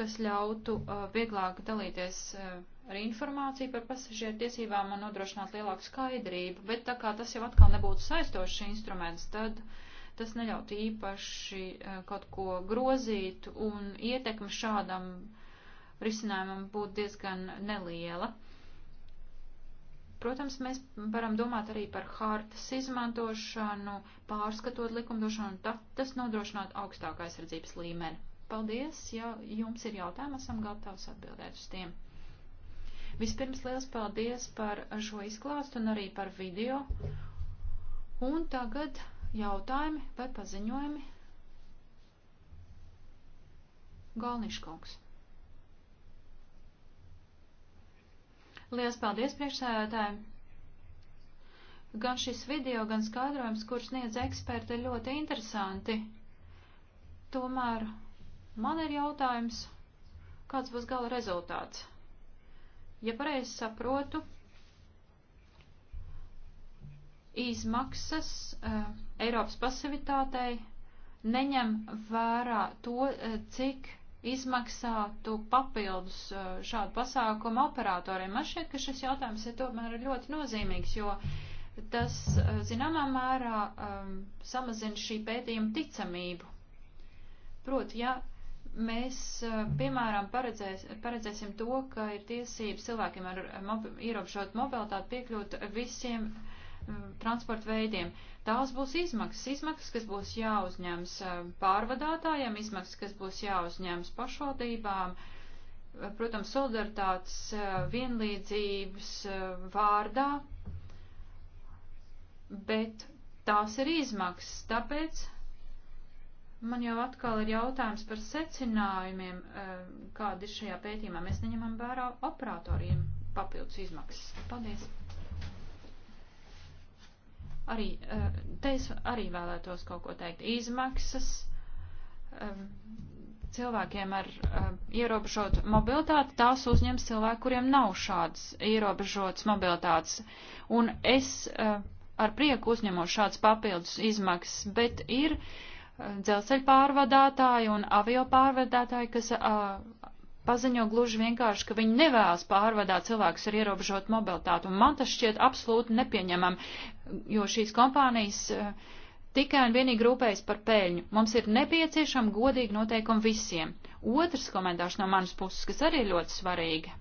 kas ļautu uh, vieglāk dalīties uh, ar informāciju par pasažieru tiesībām un nodrošināt lielāku skaidrību, bet tā kā tas jau atkal nebūtu saistošs instruments, tad tas neļaut īpaši eh, kaut ko grozīt un ietekme šādam risinājumam būtu diezgan neliela. Protams, mēs varam domāt arī par hārtas izmantošanu, pārskatot likumdošanu, tad tas nodrošinātu augstāku aizsardzības līmeni. Paldies, ja jums ir jautājumi, esam gatavs atbildēt uz tiem. Vispirms liels paldies par šo izklāstu un arī par video. Un tagad jautājumi vai paziņojumi. Galniškungs. Liels paldies priekšsēdētājiem! Gan šis video, gan skaidrojums, kurš sniedz eksperti, ir ļoti interesanti. Tomēr man ir jautājums, kāds būs gala rezultāts? Ja pareizi saprotu, izmaksas uh, Eiropas pasivitātei neņem vērā to, uh, cik izmaksātu papildus uh, šādu pasākumu operatoriem. Man šķiet, ka šis jautājums ir tomēr ļoti nozīmīgs, jo tas, uh, zināmā mērā, um, samazina šī pētījuma ticamību. Proti, ja Mēs, eh, piemēram, paredzēs, paredzēsim to, ka ir tiesības cilvēkiem ar mob, ierobežotu mobilitāti piekļūt visiem eh, transporta veidiem. Tās būs izmaksas, izmaksas, kas būs jāuzņems eh, pārvadātājiem, izmaksas, kas būs jāuzņems pašvaldībām, protams, solidaritātes, vienlīdzības vārdā, bet tās ir izmaksas, tāpēc Man jau atkal ir jautājums par secinājumiem, eh, kādi ir šajā pētījumā. Mēs neņemam vērā operatoriem papildus izmaksas. Paldies! Arī, eh, te es arī vēlētos kaut ko teikt. Izmaksas eh, cilvēkiem ar ierobežotu mobilitāti, tās uzņems cilvēki, kuriem nav šādas ierobežotas mobilitātes. Un es ar prieku uzņemos šādas papildus izmaksas, bet ir uh, dzelzceļa pārvadātāji un avio pārvadātāji, kas paziņo gluži vienkārši, ka viņi nevēlas pārvadāt cilvēkus ar ierobežotu mobilitātu. Un man tas šķiet absolūti nepieņemam, jo šīs kompānijas tikai un vienīgi rūpējas par peļņu. Mums ir nepieciešama godīga noteikuma visiem. Otrs komentārs no manas puses, kas arī ir ļoti svarīga.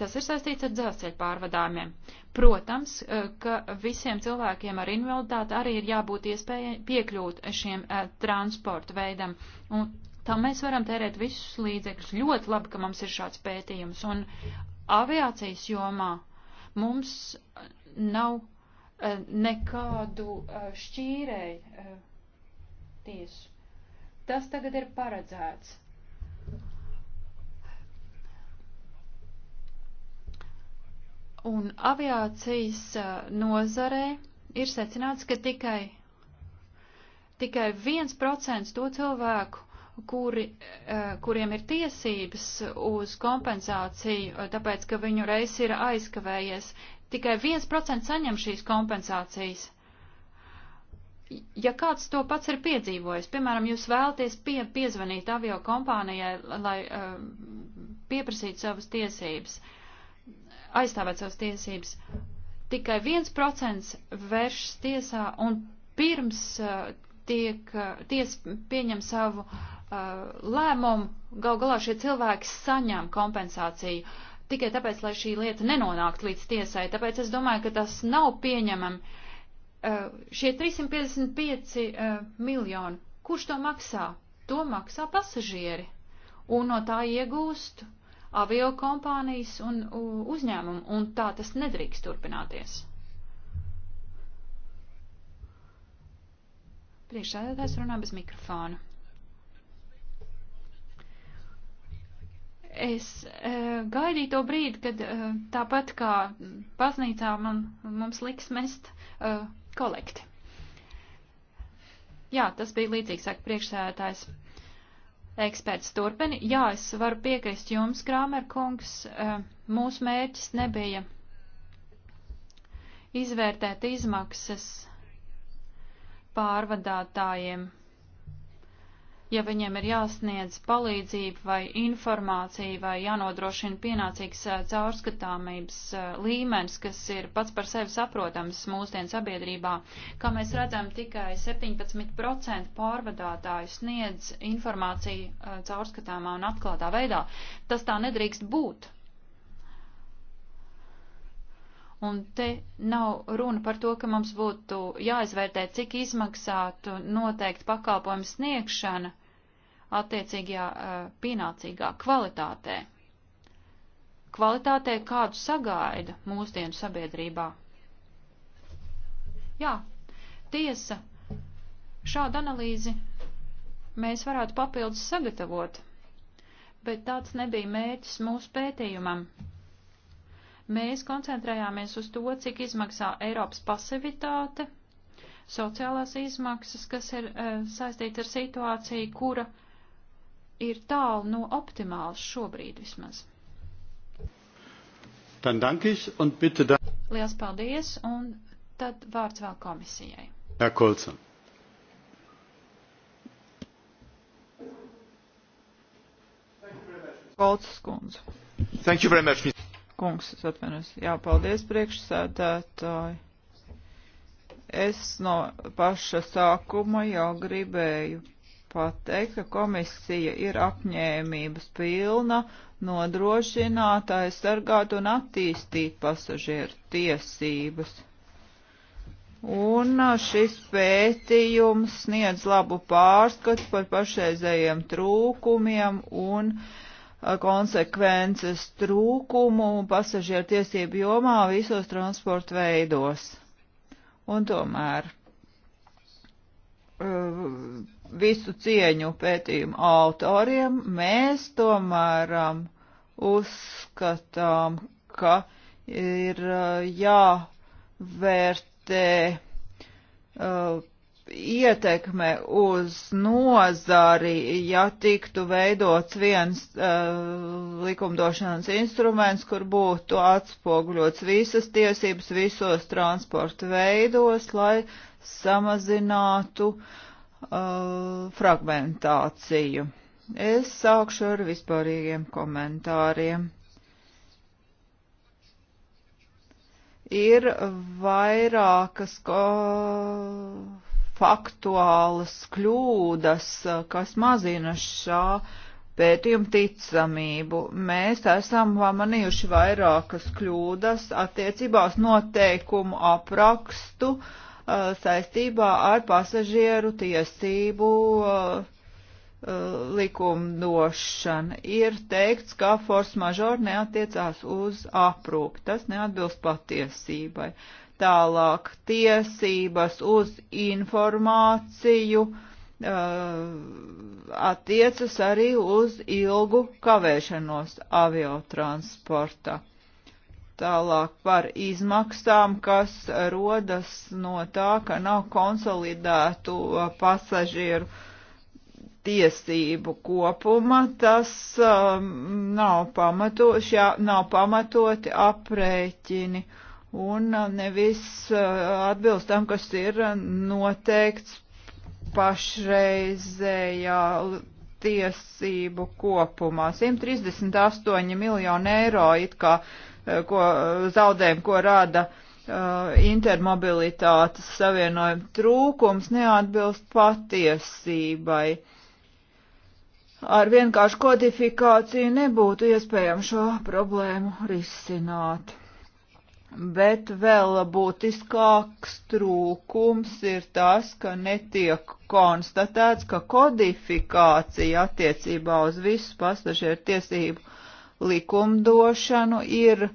Tas ir saistīts ar dzelzceļa pārvadājumiem. Protams, e, ka visiem cilvēkiem ar invaliditāti arī ir jābūt iespējai piekļūt šiem uh, transporta veidam. Un tam mēs varam tērēt visus līdzekļus. Ļoti labi, ka mums ir šāds pētījums. Un aviācijas jomā mums nav uh, nekādu uh, šķīrēju tiesu. Tas tagad ir paredzēts Un aviācijas nozarē ir secināts, ka tikai, tikai 1% to cilvēku, kuri, kuriem ir tiesības uz kompensāciju, tāpēc, ka viņu reis ir aizkavējies, tikai 1% saņem šīs kompensācijas. Ja kāds to pats ir piedzīvojis, piemēram, jūs vēlaties pie, piezvanīt avio kompānijai, lai uh, pieprasītu savas tiesības, uh, aizstāvēt savas tiesības. Tikai 1% vēršas tiesā un pirms uh, tiek uh, ties pieņem savu uh, lēmumu, gal galā šie cilvēki saņem kompensāciju. Tikai tāpēc, lai šī lieta nenonāktu līdz tiesai. Tāpēc es domāju, ka tas nav pieņemami. Uh, šie 355 uh, miljoni, kurš to maksā? To maksā pasažieri. Un no tā iegūst avio kompānijas un uzņēmumu, un tā tas nedrīkst turpināties. Priekšsēdētājs runā bez mikrofona. Es e, gaidīju to brīdi, kad e, tāpat kā baznīcā man, mums liks mest e, kolekti. Jā, tas bija līdzīgs, saka priekšsēdētājs. Eksperts turpini. Jā, es varu piekrist jums, Krāmer kungs. E, mūsu mērķis nebija izvērtēt izmaksas pārvadātājiem ja viņiem ir jāsniedz palīdzība vai informācija vai jānodrošina pienācīgs caurskatāmības līmenis, kas ir pats par sevi saprotams mūsdienu sabiedrībā. Kā mēs redzam, tikai 17% pārvadātāju sniedz informāciju caurskatāmā un atklātā veidā. Tas tā nedrīkst būt. Un te nav runa par to, ka mums būtu jāizvērtē, cik izmaksātu noteikti pakalpojumu sniegšana, attiecīgajā eh, pienācīgā kvalitātē. Kvalitātē, kādu sagaida mūsdienu sabiedrībā. Jā, tiesa, šādu analīzi mēs varētu papildus sagatavot, bet tāds nebija mērķis mūsu pētījumam. Mēs koncentrējāmies uz to, cik izmaksā Eiropas pasivitāte, sociālās izmaksas, kas ir e, saistīta ar situāciju, kura ir tālu no optimāls šobrīd vismaz. Lielas paldies, un tad vārds vēl komisijai. Jā, Kolcam. Kolcas kundze. Thank you very much. Kungs, es atvainojos. Jā, paldies priekšsēdētāji. Es no paša sākuma jau gribēju pateikt, ka komisija ir apņēmības pilna nodrošināt, aizsargāt un attīstīt pasažieru tiesības. Un uh, šis pētījums sniedz labu pārskatu par pašreizējiem trūkumiem un uh, konsekvences trūkumu pasažieru tiesību jomā visos transporta veidos. Un tomēr Uh, visu cieņu pētījumu autoriem, mēs tomēr uzskatām, ka ir uh, jāvērtē uh, ietekme uz nozari, ja tiktu veidots viens uh, likumdošanas instruments, kur būtu atspoguļots visas tiesības visos transporta veidos, lai samazinātu uh, fragmentāciju. Es sākšu ar vispārīgiem komentāriem. Ir vairākas ko faktuālas kļūdas, eh, kas mazina šā pētījuma ticamību. Mēs esam pamanījuši vairākas kļūdas attiecībās noteikumu aprakstu uh, saistībā ar pasažieru tiesību uh, eh, likumdošana. Ir teikts, ka force majeure neatiecās uz aprūpi. Tas neatbilst patiesībai tālāk tiesības uz informāciju uh, attiecas arī uz ilgu kavēšanos aviotransporta. Tālāk par izmaksām, kas rodas no tā, ka nav konsolidētu uh, pasažieru tiesību kopuma, tas um, nav, pamato, šā, nav pamatoti aprēķini. Uh, un uh, nevis uh, atbilst tam, kas ir uh, noteikts pašreizējā tiesību kopumā. 138 miljonu eiro it kā ko, zaudējumu, ko rada uh, intermobilitātes savienojuma trūkums, neatbilst patiesībai. Ar vienkāršu kodifikāciju nebūtu iespējams šo problēmu risināt bet vēl būtiskāks trūkums ir tas, ka netiek konstatēts, ka kodifikācija attiecībā uz visu pasažieru tiesību likumdošanu ir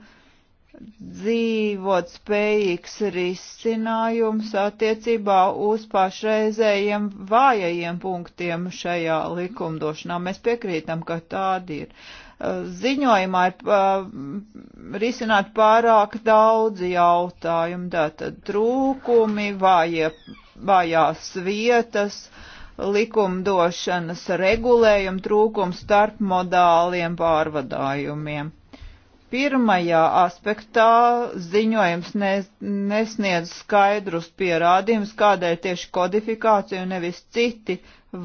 dzīvot spējīgs risinājums attiecībā uz pašreizējiem vājajiem punktiem šajā likumdošanā. Mēs piekrītam, ka tādi ir. Eh, ziņojumā ir eh, risināt pārāk daudzi jautājumi, tātad trūkumi, vāja, vājās vietas, likumdošanas regulējuma trūkums starp modāliem pārvadājumiem. Pirmajā aspektā ziņojums nesniedz skaidrus pierādījumus, kādēļ tieši kodifikācija un nevis citi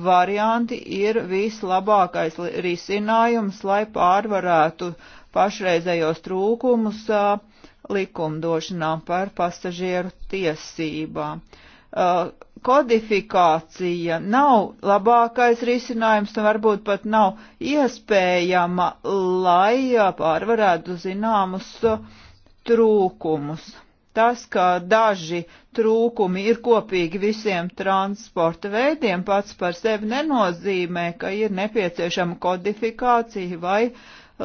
varianti ir vislabākais risinājums, lai pārvarētu pašreizējos trūkumus likumdošanā par pasažieru tiesībām. Kodifikācija nav labākais risinājums un varbūt pat nav iespējama, lai pārvarētu zināmus trūkumus. Tas, ka daži uh, trūkumi ir kopīgi visiem transporta veidiem, pats par sevi nenozīmē, ka ir nepieciešama kodifikācija vai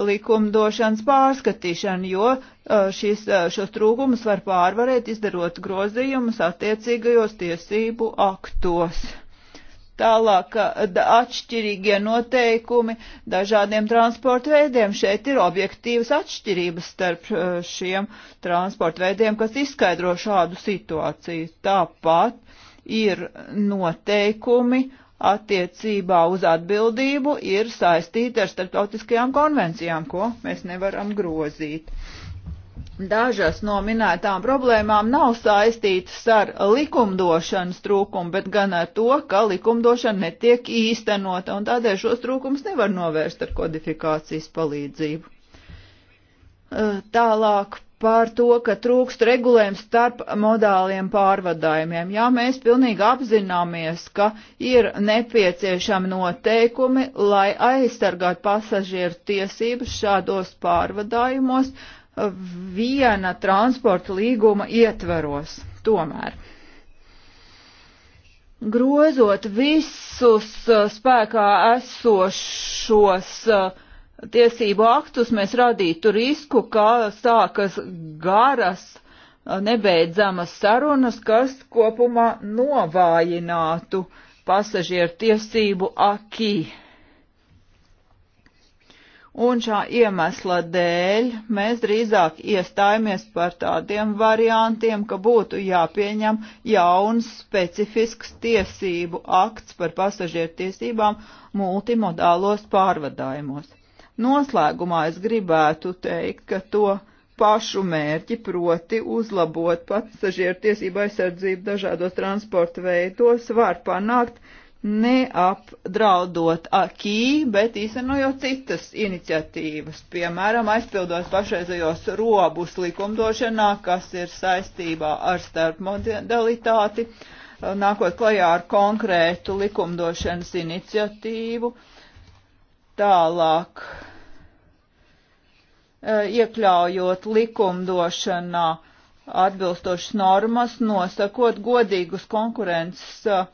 likumdošanas pārskatīšana, jo šis, šos trūkumus var pārvarēt, izdarot grozījumus attiecīgajos tiesību aktos. Tālāk atšķirīgie noteikumi dažādiem transporta veidiem. Šeit ir objektīvas atšķirības starp eh, šiem transporta veidiem, kas izskaidro šādu situāciju. Tāpat ir noteikumi attiecībā uz atbildību, ir saistīti ar starptautiskajām konvencijām, ko mēs nevaram grozīt. Uh, Dažas no minētām problēmām nav saistītas ar likumdošanas trūkumu, bet gan ar to, ka likumdošana netiek īstenota, un tādēļ šos trūkumus nevar novērst ar kodifikācijas palīdzību. Tālāk par to, ka trūkst regulējums starp modāliem pārvadājumiem. Jā, mēs pilnīgi apzināmies, ka ir nepieciešami noteikumi, lai aizsargātu pasažieru tiesības šādos pārvadājumos, viena transporta līguma ietvaros. Tomēr grozot visus uh, spēkā esošos uh, tiesību aktus, mēs radītu risku, ka sākas garas, uh, nebeidzamas sarunas, kas kopumā novājinātu pasažieru tiesību akī. Un šā iemesla dēļ mēs drīzāk iestājamies par tādiem variantiem, ka būtu jāpieņem jauns specifisks tiesību akts par pasažieru tiesībām multimodālos pārvadājumos. Noslēgumā es gribētu teikt, ka to pašu mērķi proti uzlabot pasažieru tiesību aizsardzību dažādos transporta veidos var panākt, neapdraudot akī, bet īstenojot citas iniciatīvas, piemēram, aizpildot pašreizējos robus likumdošanā, kas ir saistībā ar starpmodalitāti, nākot klajā ar konkrētu likumdošanas iniciatīvu. Tālāk, eh, iekļaujot likumdošanā atbilstošas normas, nosakot godīgus konkurences eh,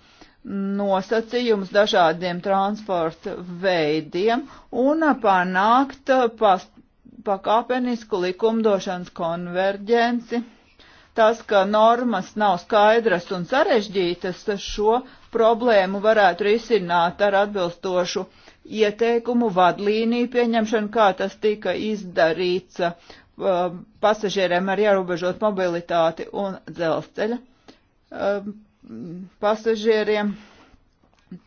nosacījums dažādiem transporta veidiem un panākt pas, pakāpenisku likumdošanas konverģenci. Tas, ka normas nav skaidras un sarežģītas, šo problēmu varētu risināt ar atbilstošu ieteikumu vadlīniju pieņemšanu, kā tas tika izdarīts uh, pasažieriem ar ierobežot mobilitāti un dzelzceļa uh, pasažieriem.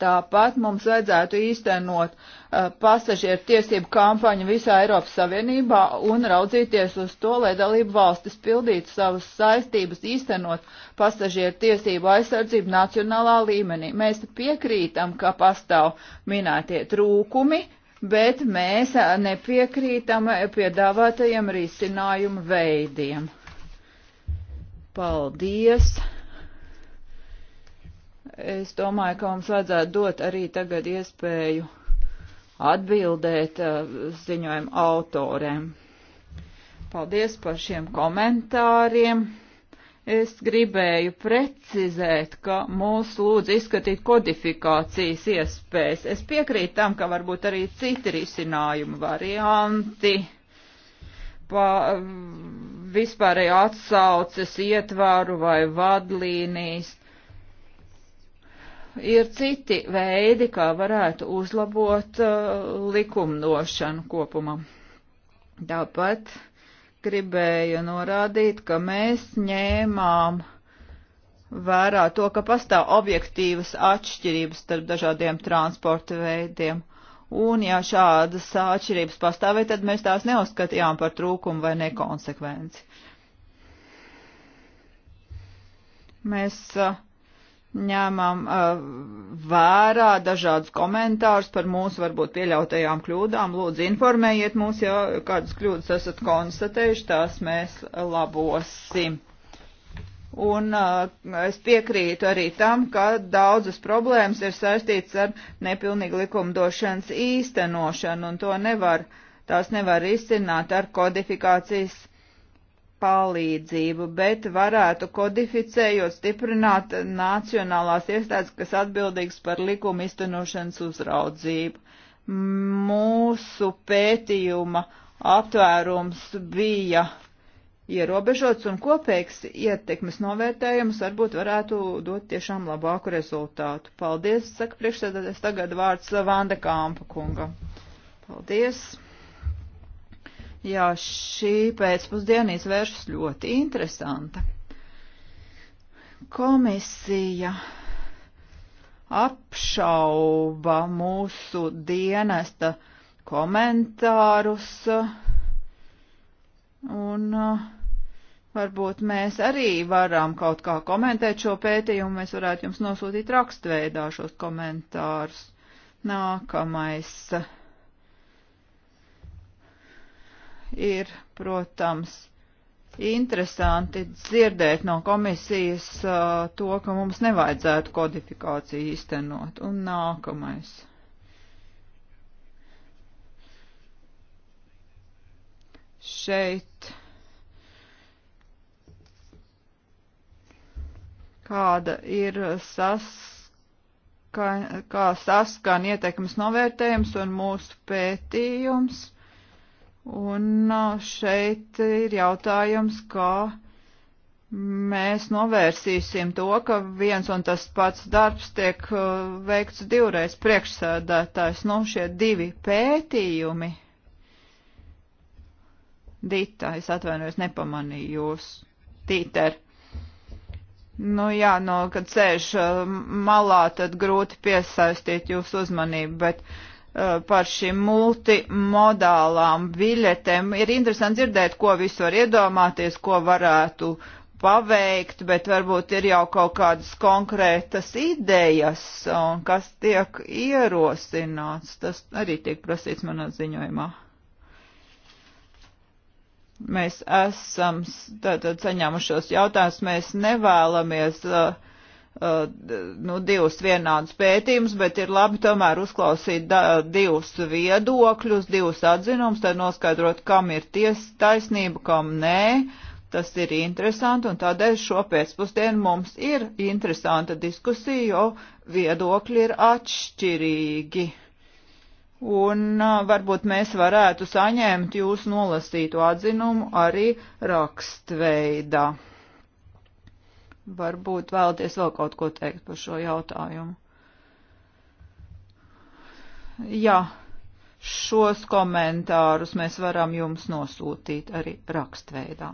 Tāpat mums vajadzētu īstenot uh, pasažieru tiesību kampaņu visā Eiropas Savienībā un raudzīties uz to, lai dalību valstis pildītu savas saistības īstenot pasažieru tiesību aizsardzību nacionālā līmenī. Mēs piekrītam, ka pastāv minētie trūkumi, bet mēs uh, nepiekrītam piedāvātajiem risinājumu veidiem. Paldies! Es domāju, ka mums vajadzētu dot arī tagad iespēju atbildēt uh, ziņojumu autoriem. Paldies par šiem komentāriem. Es gribēju precizēt, ka mūs lūdz izskatīt kodifikācijas iespējas. Es piekrītu tam, ka varbūt arī citi risinājumu varianti pa vispārējo atsauces ietvaru vai vadlīnijas ir citi veidi, kā varētu uzlabot uh, likumdošanu kopumā. Tāpat gribēju norādīt, ka mēs ņēmām vērā to, ka pastāv objektīvas atšķirības starp dažādiem transporta veidiem. Un ja šādas atšķirības pastāvēja, tad mēs tās neuzskatījām par trūkumu vai nekonsekvenci. Mēs uh, ņēmām vērā dažādus komentārus par mūsu varbūt pieļautajām kļūdām. Lūdzu, informējiet mūs, ja kādas kļūdas esat konstatējuši, tās mēs labosim. Un es piekrītu arī tam, ka daudzas problēmas ir saistīts ar nepilnīgu likumdošanas īstenošanu, un to nevar, tās nevar izcināt ar kodifikācijas palīdzību, bet varētu kodificējot stiprināt nacionālās iestādes, kas atbildīgs par likuma iztenošanas uzraudzību. Mūsu pētījuma aptvērums bija ierobežots un kopīgs ietekmes novērtējums varbūt varētu dot tiešām labāku rezultātu. Paldies, saka priekšsēdētājs, tagad vārds Vanda Kāmpa kungam. Paldies! Jā, šī pēcpusdiena izvēršas ļoti interesanta. Komisija apšauba mūsu dienesta komentārus, un uh, varbūt mēs arī varam kaut kā komentēt šo pētījumu, mēs varētu jums nosūtīt rakstveidā šos komentārus. Nākamais. ir, protams, interesanti dzirdēt no komisijas uh, to, ka mums nevajadzētu kodifikāciju īstenot. Un nākamais. Šeit kāda ir saska, kā saskan ietekmes novērtējums un mūsu pētījums Un uh, šeit ir jautājums, kā mēs novērsīsim to, ka viens un tas pats darbs tiek uh, veikts divreiz priekšsēdētājs. Nu, šie divi pētījumi. Dita, es atvainojos, nepamanīju jūs. Tīter. Nu jā, no, kad sēž uh, malā, tad grūti piesaistīt jūsu uzmanību, bet. Uh, Eh, par šīm multimodālām biļetēm. Ir interesanti dzirdēt, ko visu var iedomāties, ko varētu paveikt, bet varbūt ir jau kaut kādas konkrētas idejas, un kas tiek ierosināts. Tas arī tiek prasīts manā ziņojumā. Mēs esam tātad saņēmušos jautājumus, mēs nevēlamies uh, Uh, nu, divus vienādus pētījumus, bet ir labi tomēr uzklausīt da, divus viedokļus, divus atzinumus, tad noskaidrot, kam ir ties, taisnība, kam nē. Tas ir interesanti, un tādēļ šo pēcpusdienu mums ir interesanta diskusija, jo viedokļi ir atšķirīgi. Un uh, varbūt mēs varētu saņemt jūsu nolasīto atzinumu arī rakstveidā varbūt vēlaties vēl kaut ko teikt par šo jautājumu. Jā, šos komentārus mēs varam jums nosūtīt arī rakstveidā.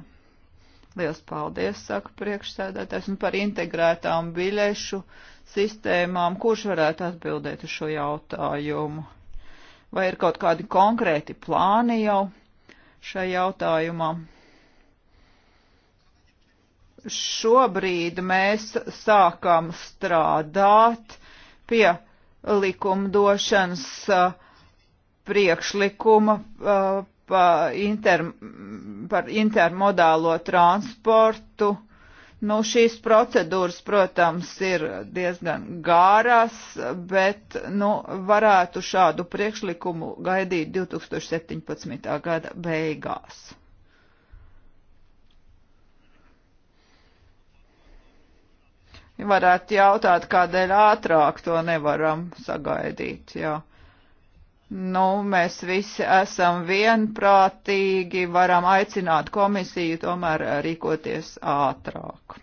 Liels paldies, saka priekšsēdētājs, un par integrētām biļešu sistēmām, kurš varētu atbildēt uz šo jautājumu? Vai ir kaut kādi konkrēti plāni jau šajā jautājumā? Šobrīd mēs sākam strādāt pie likumdošanas uh, priekšlikuma uh, par, inter, par intermodālo transportu. Nu, šīs procedūras, protams, ir diezgan gāras, bet nu, varētu šādu priekšlikumu gaidīt 2017. gada beigās. Varētu jautāt, kādēļ ātrāk to nevaram sagaidīt, jā. Nu, mēs visi esam vienprātīgi, varam aicināt komisiju tomēr rīkoties ātrāk,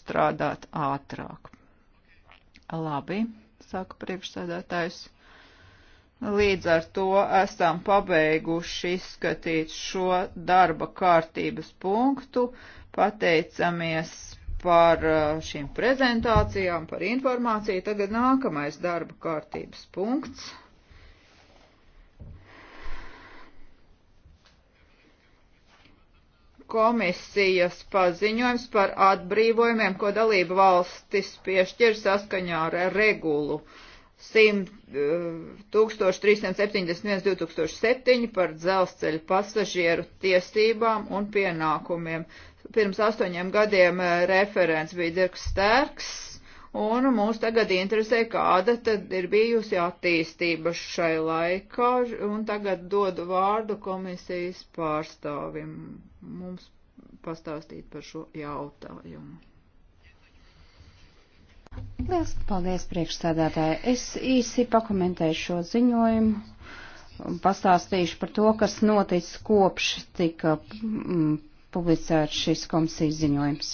strādāt ātrāk. Labi, saka priekšsēdētājs. Līdz ar to esam pabeiguši izskatīt šo darba kārtības punktu. Pateicamies par uh, šīm prezentācijām, par informāciju. Tagad nākamais darba kārtības punkts. komisijas paziņojums par atbrīvojumiem, ko dalību valstis piešķir saskaņā ar regulu 1371-2007 uh, par dzelzceļa pasažieru tiesībām un pienākumiem pirms astoņiem gadiem eh, referents bija Dirks Stērks, un mūs tagad interesē, kāda tad ir bijusi attīstība šai laikā, un tagad dodu vārdu komisijas pārstāvim mums pastāstīt par šo jautājumu. Liels paldies, priekšsēdētāji. Es īsi pakomentēju šo ziņojumu un pastāstīšu par to, kas noticis kopš tika. Mm, publicēts šis komisijas ziņojums.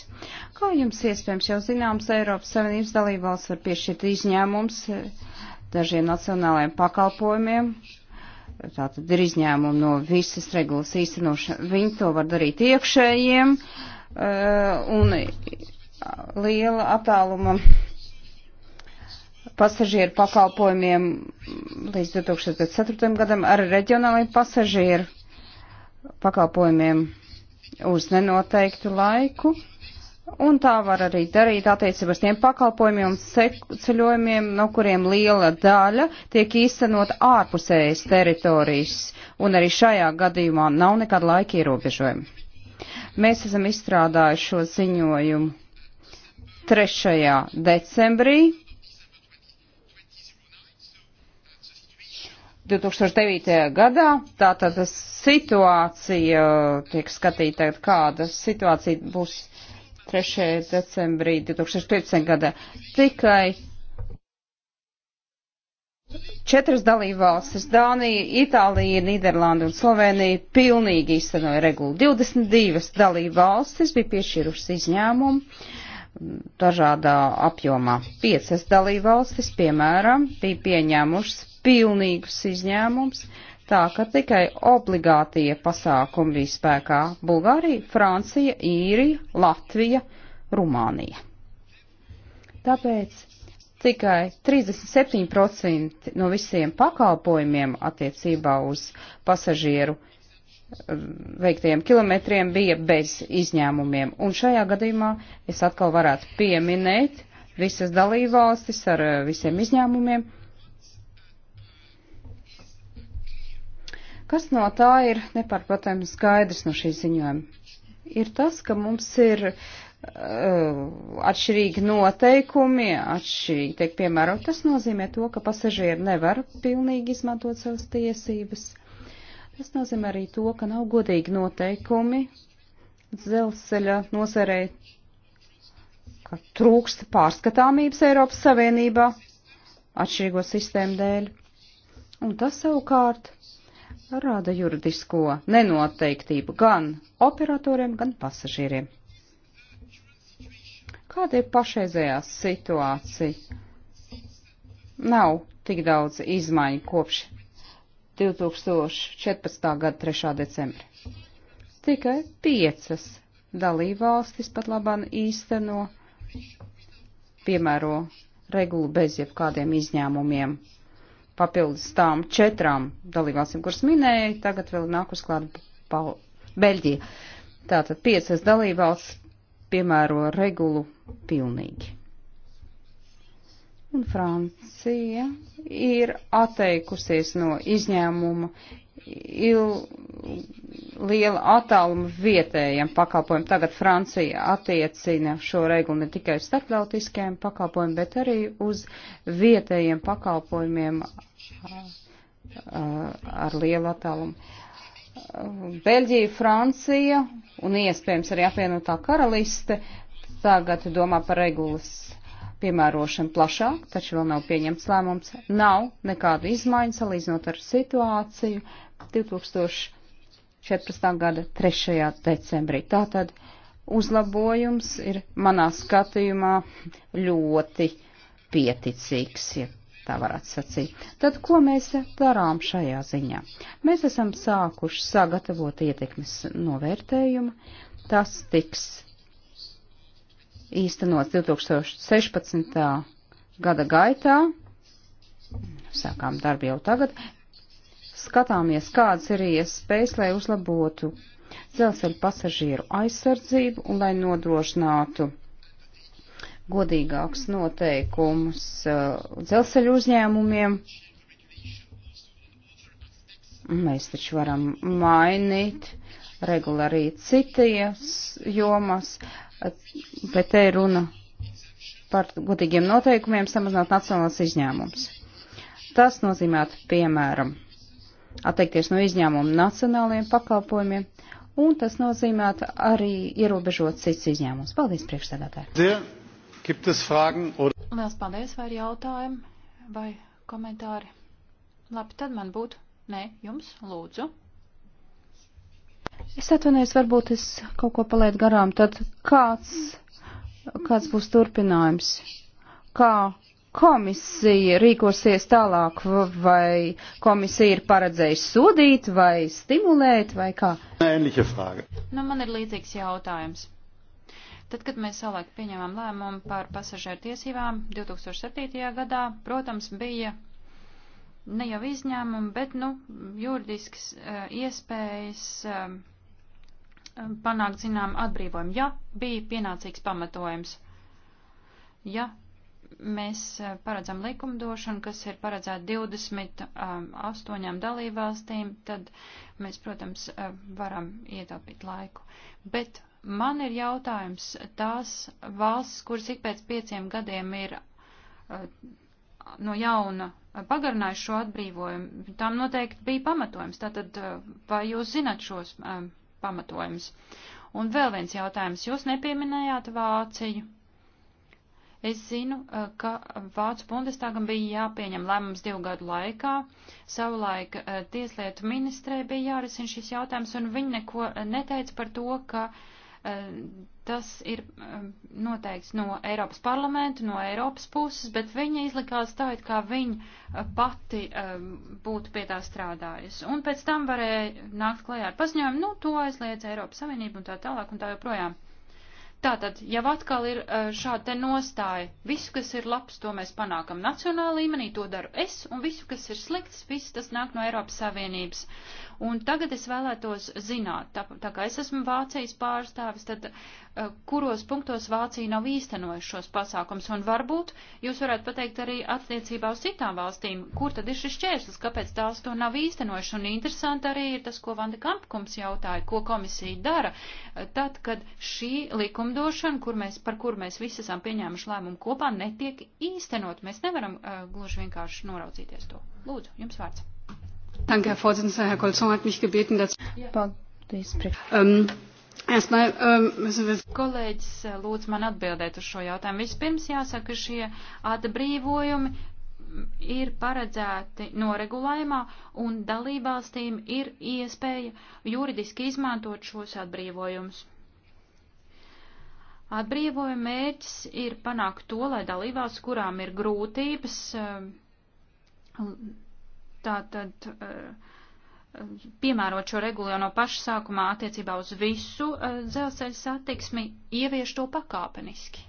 Kā jums iespējams jau zināms, Eiropas Savienības dalībvalsts var piešķirt izņēmums eh, dažiem nacionālajiem pakalpojumiem. Tā tad ir izņēmumi no visas regulas īstenošana. Viņi to var darīt iekšējiem eh, un liela attāluma pasažieru pakalpojumiem līdz 2004. gadam ar reģionālajiem pasažieru pakalpojumiem uz nenoteiktu laiku. Un tā var arī darīt attiecībā uz tiem pakalpojumiem un ceļojumiem, no kuriem liela daļa tiek īstenot ārpusējas teritorijas. Un arī šajā gadījumā nav nekāda laika ierobežojuma. Mēs esam izstrādājuši šo ziņojumu 3. decembrī 2009. gadā. Tātad es situācija tiek skatīta, kāda situācija būs 3. decembrī 2015. gada. Tikai četras dalībvalstis - Dānija, Itālija, Nīderlanda un Slovenija - pilnīgi izstenoja regulu. 22 dalībvalstis bija piešķirušas izņēmumu dažādā apjomā. Piecas dalībvalstis, piemēram, bija pieņēmušas pilnīgus izņēmumus tā, ka tikai obligātie pasākumi bija spēkā - Bulgārija, Francija, Īrija, Latvija, Rumānija. Tāpēc tikai 37% no visiem pakalpojumiem attiecībā uz pasažieru um, veiktajiem kilometriem bija bez izņēmumiem. Un šajā gadījumā es atkal varētu pieminēt visas dalībvalstis ar uh, visiem izņēmumiem Kas no tā ir nepārprotams skaidrs no šī ziņojuma? Ir tas, ka mums ir uh, atšķirīgi noteikumi, atšķirīgi tiek piemērot. Tas nozīmē to, ka pasažieri nevar pilnīgi izmantot savas tiesības. Tas nozīmē arī to, ka nav godīgi noteikumi dzelzceļa nozarei, ka trūkst pārskatāmības Eiropas Savienībā atšķirīgo sistēmu dēļ. Un tas savukārt rada juridisko nenoteiktību gan operatoriem, gan pasažieriem. Kāda ir pašreizējā situācija? Nav tik daudz izmaiņu kopš 2014. gada 3. decembra. Tikai piecas dalībvalstis pat labāk īsteno, piemēro regulu bez jebkādiem izņēmumiem papildus tām četrām dalībvalstīm, kuras minēja, tagad vēl nāk uz klāt Beļģija. Tātad piecas dalībvalsts piemēro regulu pilnīgi. Un Francija ir atteikusies no izņēmuma il, liela attāluma vietējiem pakalpojumiem. Tagad Francija attiecina šo regulu ne tikai uz starptautiskajiem pakalpojumiem, bet arī uz vietējiem pakalpojumiem uh, ar lielu attālumu. Beļģija, Francija un iespējams arī apvienotā karaliste tagad domā par regulas piemērošanu plašāk, taču vēl nav pieņemts lēmums. Nav nekādu izmaiņu salīdzinot ar situāciju, 2014. gada 3. decembrī. Tātad uzlabojums ir manā skatījumā ļoti pieticīgs, ja tā varētu sacīt. Tad, ko mēs darām šajā ziņā? Mēs esam sākuši sagatavot ietekmes novērtējumu. Tas tiks īstenots 2016. gada gaitā. Sākām darbu jau tagad skatāmies, kādas ir iespējas, lai uzlabotu dzelzceļa pasažieru aizsardzību un lai nodrošinātu godīgāks noteikumus uh, dzelzceļu uzņēmumiem. Mēs taču varam mainīt regula arī citas jomas, bet te ir runa par godīgiem noteikumiem samazināt nacionālās izņēmums. Tas nozīmētu, piemēram, atteikties no izņēmumu nacionālajiem pakalpojumiem, un tas nozīmētu arī ierobežot cits izņēmums. Paldies, priekšsēdētāji! Liels paldies, vai ir jautājumi vai komentāri? Labi, tad man būtu. Nē, jums lūdzu. Es atvainojos, varbūt es kaut ko palaidu garām. Tad kāds, kāds būs turpinājums? Kā komisija rīkosies tālāk, vai komisija ir paredzējusi sodīt, vai stimulēt, vai kā? Nu, man ir līdzīgs jautājums. Tad, kad mēs savulaik pieņēmām lēmumu par pasažieru tiesībām 2007. gadā, protams, bija ne jau izņēmumi, bet, nu, juridisks uh, iespējas uh, panākt, zinām, atbrīvojumu, ja bija pienācīgs pamatojums, ja mēs eh, paredzam likumdošanu, kas ir paredzēta 28 eh, dalībvalstīm, tad mēs, protams, eh, varam ietaupīt laiku. Bet man ir jautājums, tās valsts, kuras ik pēc pieciem gadiem ir no jauna pagarinājuši šo atbrīvojumu, tām noteikti bija pamatojums. Tātad, vai jūs zinat šos pamatojumus? Un vēl viens jautājums. Jūs nepieminējāt Vāciju. Es zinu, eh, ka Vācu bundestāgam bija jāpieņem lēmums divu gadu laikā, savulaik eh, tieslietu ministrē bija jārisina šis jautājums, un viņi neko eh, neteica par to, ka tas ir noteikts no Eiropas parlamenta, no Eiropas puses, bet viņa izlikās tā, it kā viņa pati būtu pie tā strādājusi. Un pēc tam varēja nākt klajā ar paziņojumu, nu, to aizliedz Eiropas Savienība un tā tālāk un tā joprojām. Tātad, jau atkal ir eh, šāda te nostāja, visu, kas ir labs, to mēs panākam nacionāla līmenī, to daru es, un visu, kas ir slikts, viss tas nāk no Eiropas Savienības. Un tagad es vēlētos zināt, tā, tā kā es esmu Vācijas pārstāvis, tad uh, kuros punktos Vācija nav īstenojuši šos pasākums? Un varbūt jūs varētu pateikt arī attiecībā uz citām valstīm, kur tad ir šis šķērslis, kāpēc tās to nav īstenojuši? Un interesanti arī ir tas, ko Vanda Kampkums jautāja, ko komisija dara, eh, tad, kad šī likumdošana, kur mēs, par kur mēs visi esam pieņēmuši lēmumu kopā, netiek īstenot. Mēs nevaram uh, gluži vienkārši noraucīties to. Lūdzu, jums vārds. Danke, Herr Vorsitzender. Herr Kolzon hat mich gebeten, dass... Paldies, um, Esmēr, um, Kolēģis äh, lūdz man atbildēt uz šo jautājumu. Vispirms jāsaka, šie atbrīvojumi ir paredzēti noregulējumā un dalībvalstīm ir iespēja juridiski izmantot šos atbrīvojumus. Atbrīvojuma mērķis ir panākt to, lai dalībvalsts, kurām ir grūtības, um, tātad eh, piemērot šo regulu jau no paša sākumā attiecībā uz visu eh, dzelzceļa satiksmi, ievieš to pakāpeniski.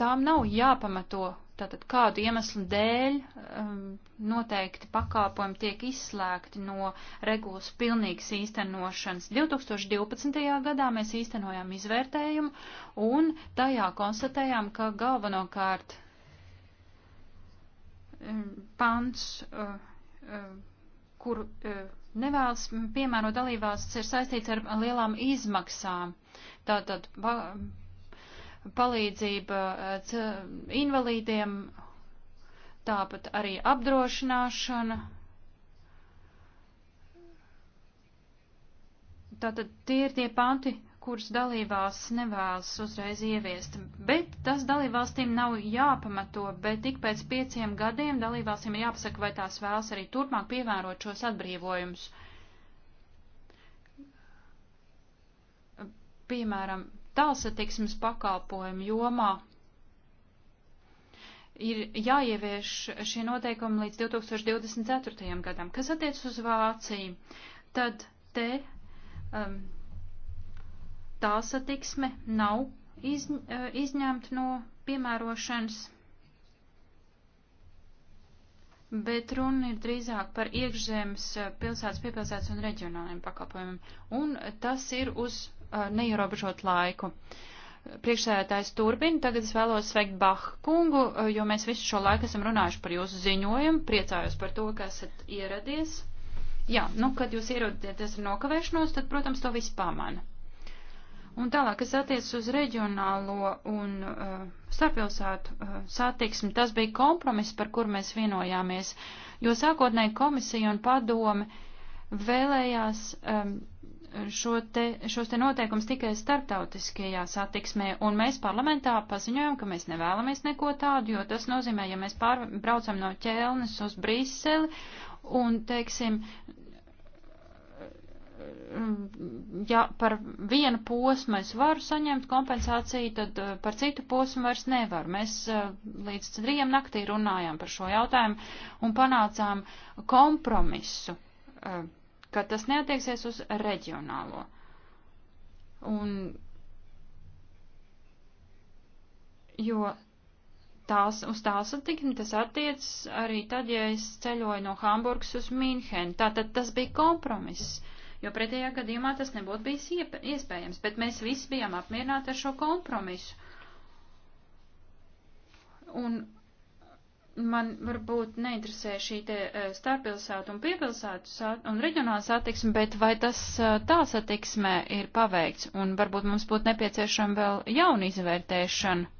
Tām nav jāpamato, tātad kādu iemeslu dēļ eh, noteikti pakāpojumi tiek izslēgti no regulas pilnīgas īstenošanas. 2012. gadā mēs īstenojām izvērtējumu un tajā konstatējām, ka galvenokārt Um, pants, uh, uh, kuru uh, nevēlas piemērot dalībvalsts, ir saistīts ar lielām izmaksām. Tātad palīdzība invalīdiem, tāpat arī apdrošināšana. Tātad tie ir tie panti, kuras dalībvalsts nevēlas uzreiz ieviest, bet tas dalībvalstīm nav jāpamato, bet ik pēc pieciem gadiem dalībvalstīm ir jāpasaka, vai tās vēlas arī turpmāk pievērot šos atbrīvojumus. Piemēram, tālsatiksmes pakalpojumu jomā ir jāievieš šie noteikumi līdz 2024. gadam. Kas attiec uz Vāciju, tad te um, tālsatiksme nav iz, e, izņemta no piemērošanas, bet runa ir drīzāk par iekšzemes e, pilsētas, piepilsētas un reģionāliem pakalpojumiem, un tas ir uz e, neierobežot laiku. Priekšsēdētājs turpina, tagad es vēlos sveikt Bahu kungu, jo mēs visu šo laiku esam runājuši par jūsu ziņojumu, priecājos par to, ka esat ieradies. Jā, nu, kad jūs ierodaties ar nokavēšanos, tad, protams, to viss pamana. Un tālāk, kas attiecas uz reģionālo un uh, starppilsētu uh, satiksmi, tas bija kompromiss, par kur mēs vienojāmies, jo sākotnēji komisija un padome vēlējās um, šo te, šos te noteikums tikai starptautiskajā satiksmē, un mēs parlamentā paziņojam, ka mēs nevēlamies neko tādu, jo tas nozīmē, ja mēs pārbraucam no ķēlnes uz Briseli un, teiksim, Mm, ja par vienu posmu es varu saņemt kompensāciju, tad eh, par citu posmu vairs nevaru. Mēs eh, līdz trījiem naktī runājām par šo jautājumu un panācām kompromisu, eh, ka tas neatieksies uz reģionālo. Un, jo tās, uz tās attikni tas attiecas arī tad, ja es ceļoju no Hamburgas uz Mīnhenu. Tātad tas bija kompromiss. Uh, jo pretējā gadījumā tas nebūtu bijis iespējams, bet mēs visi bijām apmierināti ar šo kompromisu. Un man varbūt neinteresē šī te e, starppilsētu un piepilsētu sat un reģionāla satiksme, bet vai tas e, tā satiksmē ir paveikts un varbūt mums būtu nepieciešama vēl jauna izvērtēšana.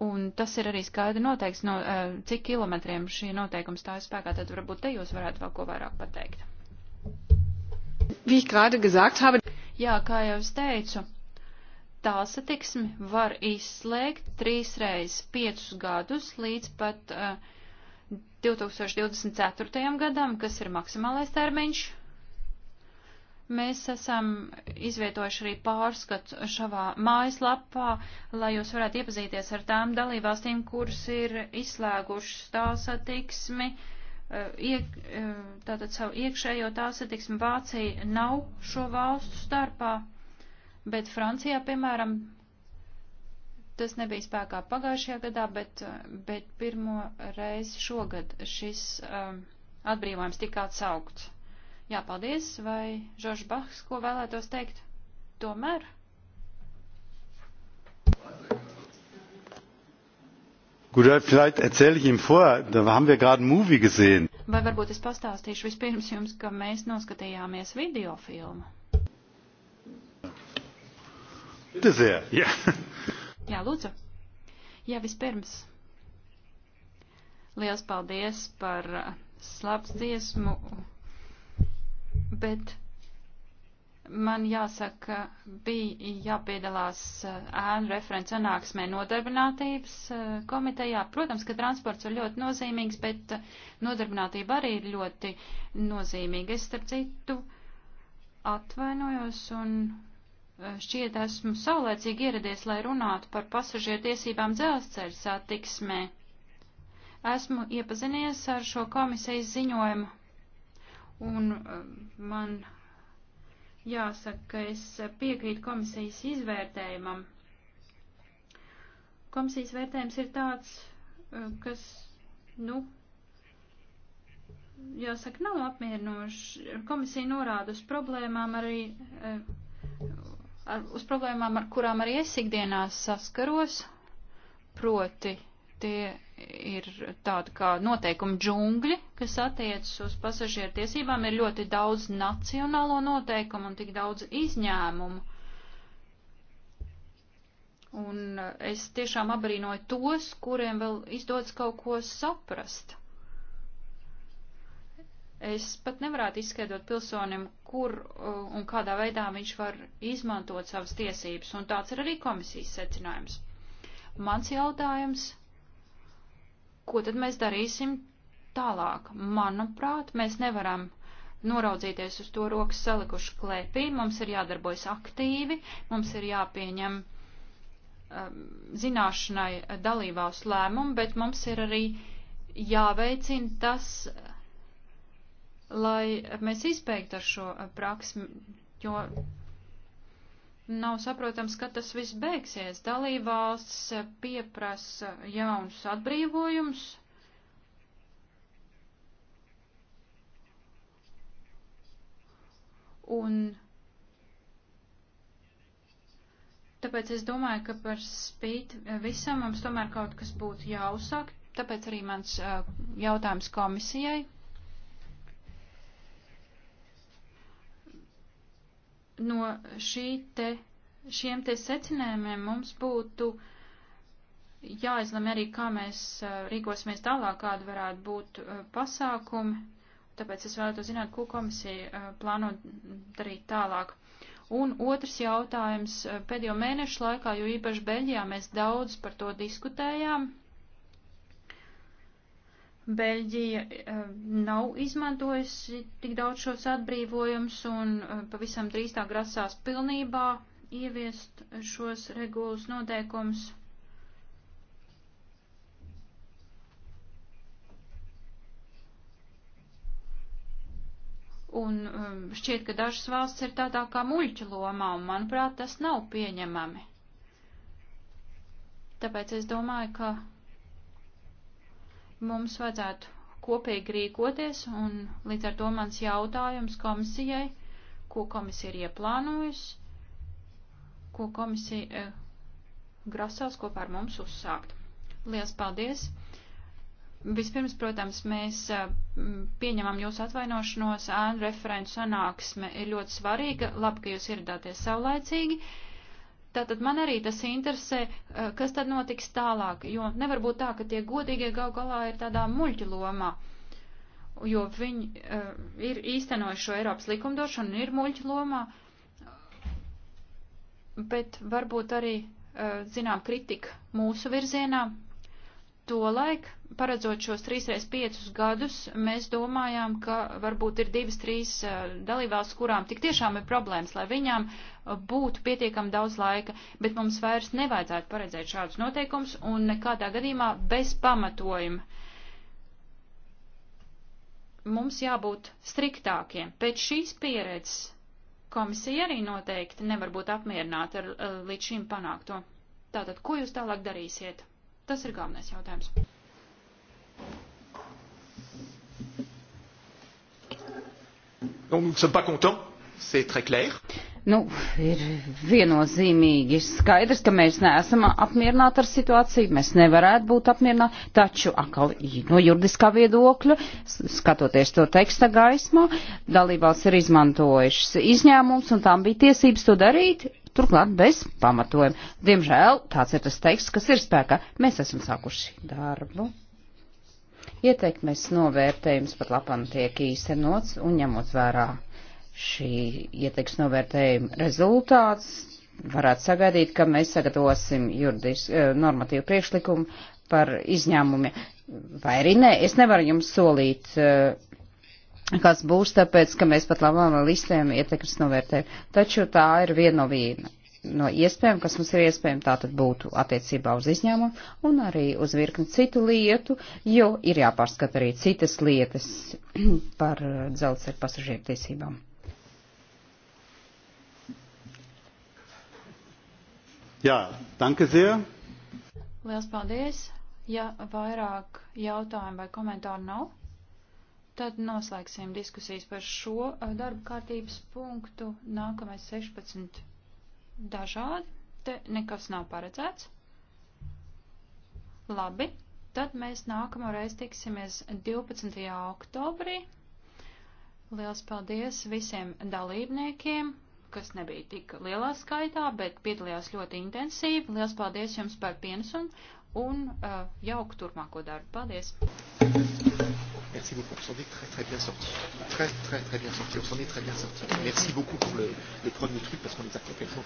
Un tas ir arī skaidri noteikts, no eh, cik kilometriem šī noteikuma stāja spēkā, tad varbūt te jūs varētu vēl ko vairāk pateikt. Jā, kā jau es teicu, tā satiksmi var izslēgt trīsreiz piecus gadus līdz pat uh, eh, 2024. gadam, kas ir maksimālais termiņš, Mēs esam izvietojuši arī pārskatu šavā mājaslapā, lai jūs varētu iepazīties ar tām dalībvalstīm, kuras ir izslēgušas tā satiksmi, eh, iek, eh, tātad savu iekšējo tā satiksmi. Vācija nav šo valstu starpā, bet Francijā, piemēram, tas nebija spēkā pagājušajā gadā, bet, eh, bet pirmo reizi šogad šis um, atbrīvojums tika atsaukts. Jā, paldies. Vai Žoržs Bahs, ko vēlētos teikt? Tomēr. Gut, vielleicht erzähle ich ihm vor, da haben wir gerade einen Movie gesehen. Vai varbūt es pastāstīšu vispirms jums, ka mēs noskatījāmies videofilmu. Bitte sehr. Ja. Jā, lūdzu. Jā, vispirms. Liels paldies par uh, slapsdziesmu. dziesmu bet man jāsaka, bija jāpiedalās eh, ēnu referents sanāksmē nodarbinātības eh, komitejā. Protams, ka transports ir ļoti nozīmīgs, bet eh, nodarbinātība arī ir ļoti nozīmīga. Es, starp citu, atvainojos un šķiet esmu saulēcīgi ieradies, lai runātu par pasažieru tiesībām dzelzceļa satiksmē. Esmu iepazinies ar šo komisijas ziņojumu Un eh, man jāsaka, ka es piekrītu komisijas izvērtējumam. Komisijas vērtējums ir tāds, eh, kas, nu, jāsaka, nav apmierinošs. Komisija norāda uz problēmām arī, eh, ar, uz problēmām, ar kurām arī es ikdienā saskaros, proti tie ir tāda kā noteikuma džungļi, kas attiecas uz pasažieru tiesībām, ir ļoti daudz nacionālo noteikumu un tik daudz izņēmumu. Un es tiešām abrīnoju tos, kuriem vēl izdodas kaut ko saprast. Es pat nevarētu izskaidrot pilsonim, kur uh, un kādā veidā viņš var izmantot savas tiesības, un tāds ir arī komisijas secinājums. Mans jautājums ko tad mēs darīsim tālāk? Manuprāt, mēs nevaram noraudzīties uz to rokas salikuši klēpī, mums ir jādarbojas aktīvi, mums ir jāpieņem um, zināšanai dalībās lēmumu, bet mums ir arī jāveicina tas, lai mēs izbeigtu ar šo praksmi, jo nav saprotams, kad tas viss beigsies. Dalībvalsts eh, pieprasa jauns atbrīvojums. Un tāpēc es domāju, ka par spīti eh, visam mums tomēr kaut kas būtu jāuzsāk. Tāpēc arī mans eh, jautājums komisijai no šī te, šiem te secinājumiem mums būtu jāizlem arī, kā mēs uh, rīkosimies tālāk, kāda varētu būt uh, pasākumi. Tāpēc es vēlētu zināt, ko komisija uh, plāno darīt tālāk. Un otrs jautājums. Pēdējo mēnešu laikā, jo īpaši Beļģijā mēs daudz par to diskutējām, Beļģija uh, nav izmantojusi tik daudz šos atbrīvojumus un uh, pavisam drīz tā grasās pilnībā ieviest šos regulas noteikumus. Un um, šķiet, ka dažas valsts ir tādā kā muļķa lomā, un manuprāt, tas nav pieņemami. Tāpēc es domāju, ka mums vajadzētu kopīgi rīkoties, un līdz ar to mans jautājums komisijai, ko komisija ir ieplānojusi, ko komisija eh, grasās kopā ar mums uzsākt. Lielas paldies! Vispirms, protams, mēs eh, pieņemam jūsu atvainošanos, ēnu referentu sanāksme ir ļoti svarīga, labi, ka jūs ieradāties saulaicīgi. Tātad man arī tas interesē, eh, kas tad notiks tālāk, jo nevar būt tā, ka tie godīgie gal galā ir tādā muļķu lomā, jo viņi uh, ir īstenojuši šo Eiropas likumdošanu un ir muļķu lomā, bet varbūt arī, uh, zinām, kritika mūsu virzienā, Tolaik, paredzot šos 3x5 gadus, mēs domājām, ka varbūt ir divas, trīs eh, dalībvalsts, kurām tik tiešām ir problēmas, lai viņām eh, būtu pietiekam daudz laika, bet mums vairs nevajadzētu paredzēt šādus noteikumus un nekādā gadījumā bez pamatojuma. Mums jābūt striktākiem. Pēc šīs pieredzes komisija arī noteikti nevar būt apmierināta ar eh, līdz šim panākto. Tātad, ko jūs tālāk darīsiet? Tas ir galvenais jautājums. Donc nous ne sommes pas contents, c'est très clair. Nu, ir viennozīmīgi skaidrs, ka mēs neesam apmierināti ar situāciju, mēs nevarētu būt apmierināti, taču atkal no juridiskā viedokļa, skatoties to teksta gaismā, dalībvalsts ir izmantojušas izņēmums un tām bija tiesības to darīt, turklāt bez pamatojuma. Diemžēl tāds ir tas teksts, kas ir spēkā. Mēs esam sākuši darbu. Ieteikmes novērtējums pat lapam tiek īstenots un ņemot vērā šī ieteiks novērtējuma rezultāts, varētu sagaidīt, ka mēs sagatavosim juridis, eh, normatīvu priekšlikumu par izņēmumiem. Vai arī nē, es nevaru jums solīt uh, kas būs, tāpēc, ka mēs pat labām vēl izstējam ietekmes novērtējumu. Taču tā ir viena no viena no iespējām, kas mums ir iespējama, tā tad būtu attiecībā uz izņēmumu un arī uz virkni citu lietu, jo ir jāpārskata arī citas lietas par eh, dzelzceļa pasažieru tiesībām. Jā, danke sehr. Liels paldies. Ja vairāk jautājumu vai komentāru nav, Tad noslēgsim diskusijas par šo darba kārtības punktu. Nākamais 16 dažādi. Te nekas nav paredzēts. Labi. Tad mēs nākamo reizi tiksimies 12. oktobrī. Liels paldies visiem dalībniekiem, kas nebija tik lielā skaitā, bet piedalījās ļoti intensīvi. Liels paldies jums par pienesumu un uh, jauku turpmāko darbu. Paldies! Merci beaucoup. On s'en est très très bien sorti. Très très très bien sorti. On s'en est très bien sorti. Merci beaucoup pour le, le premier truc parce qu'on les a complètement.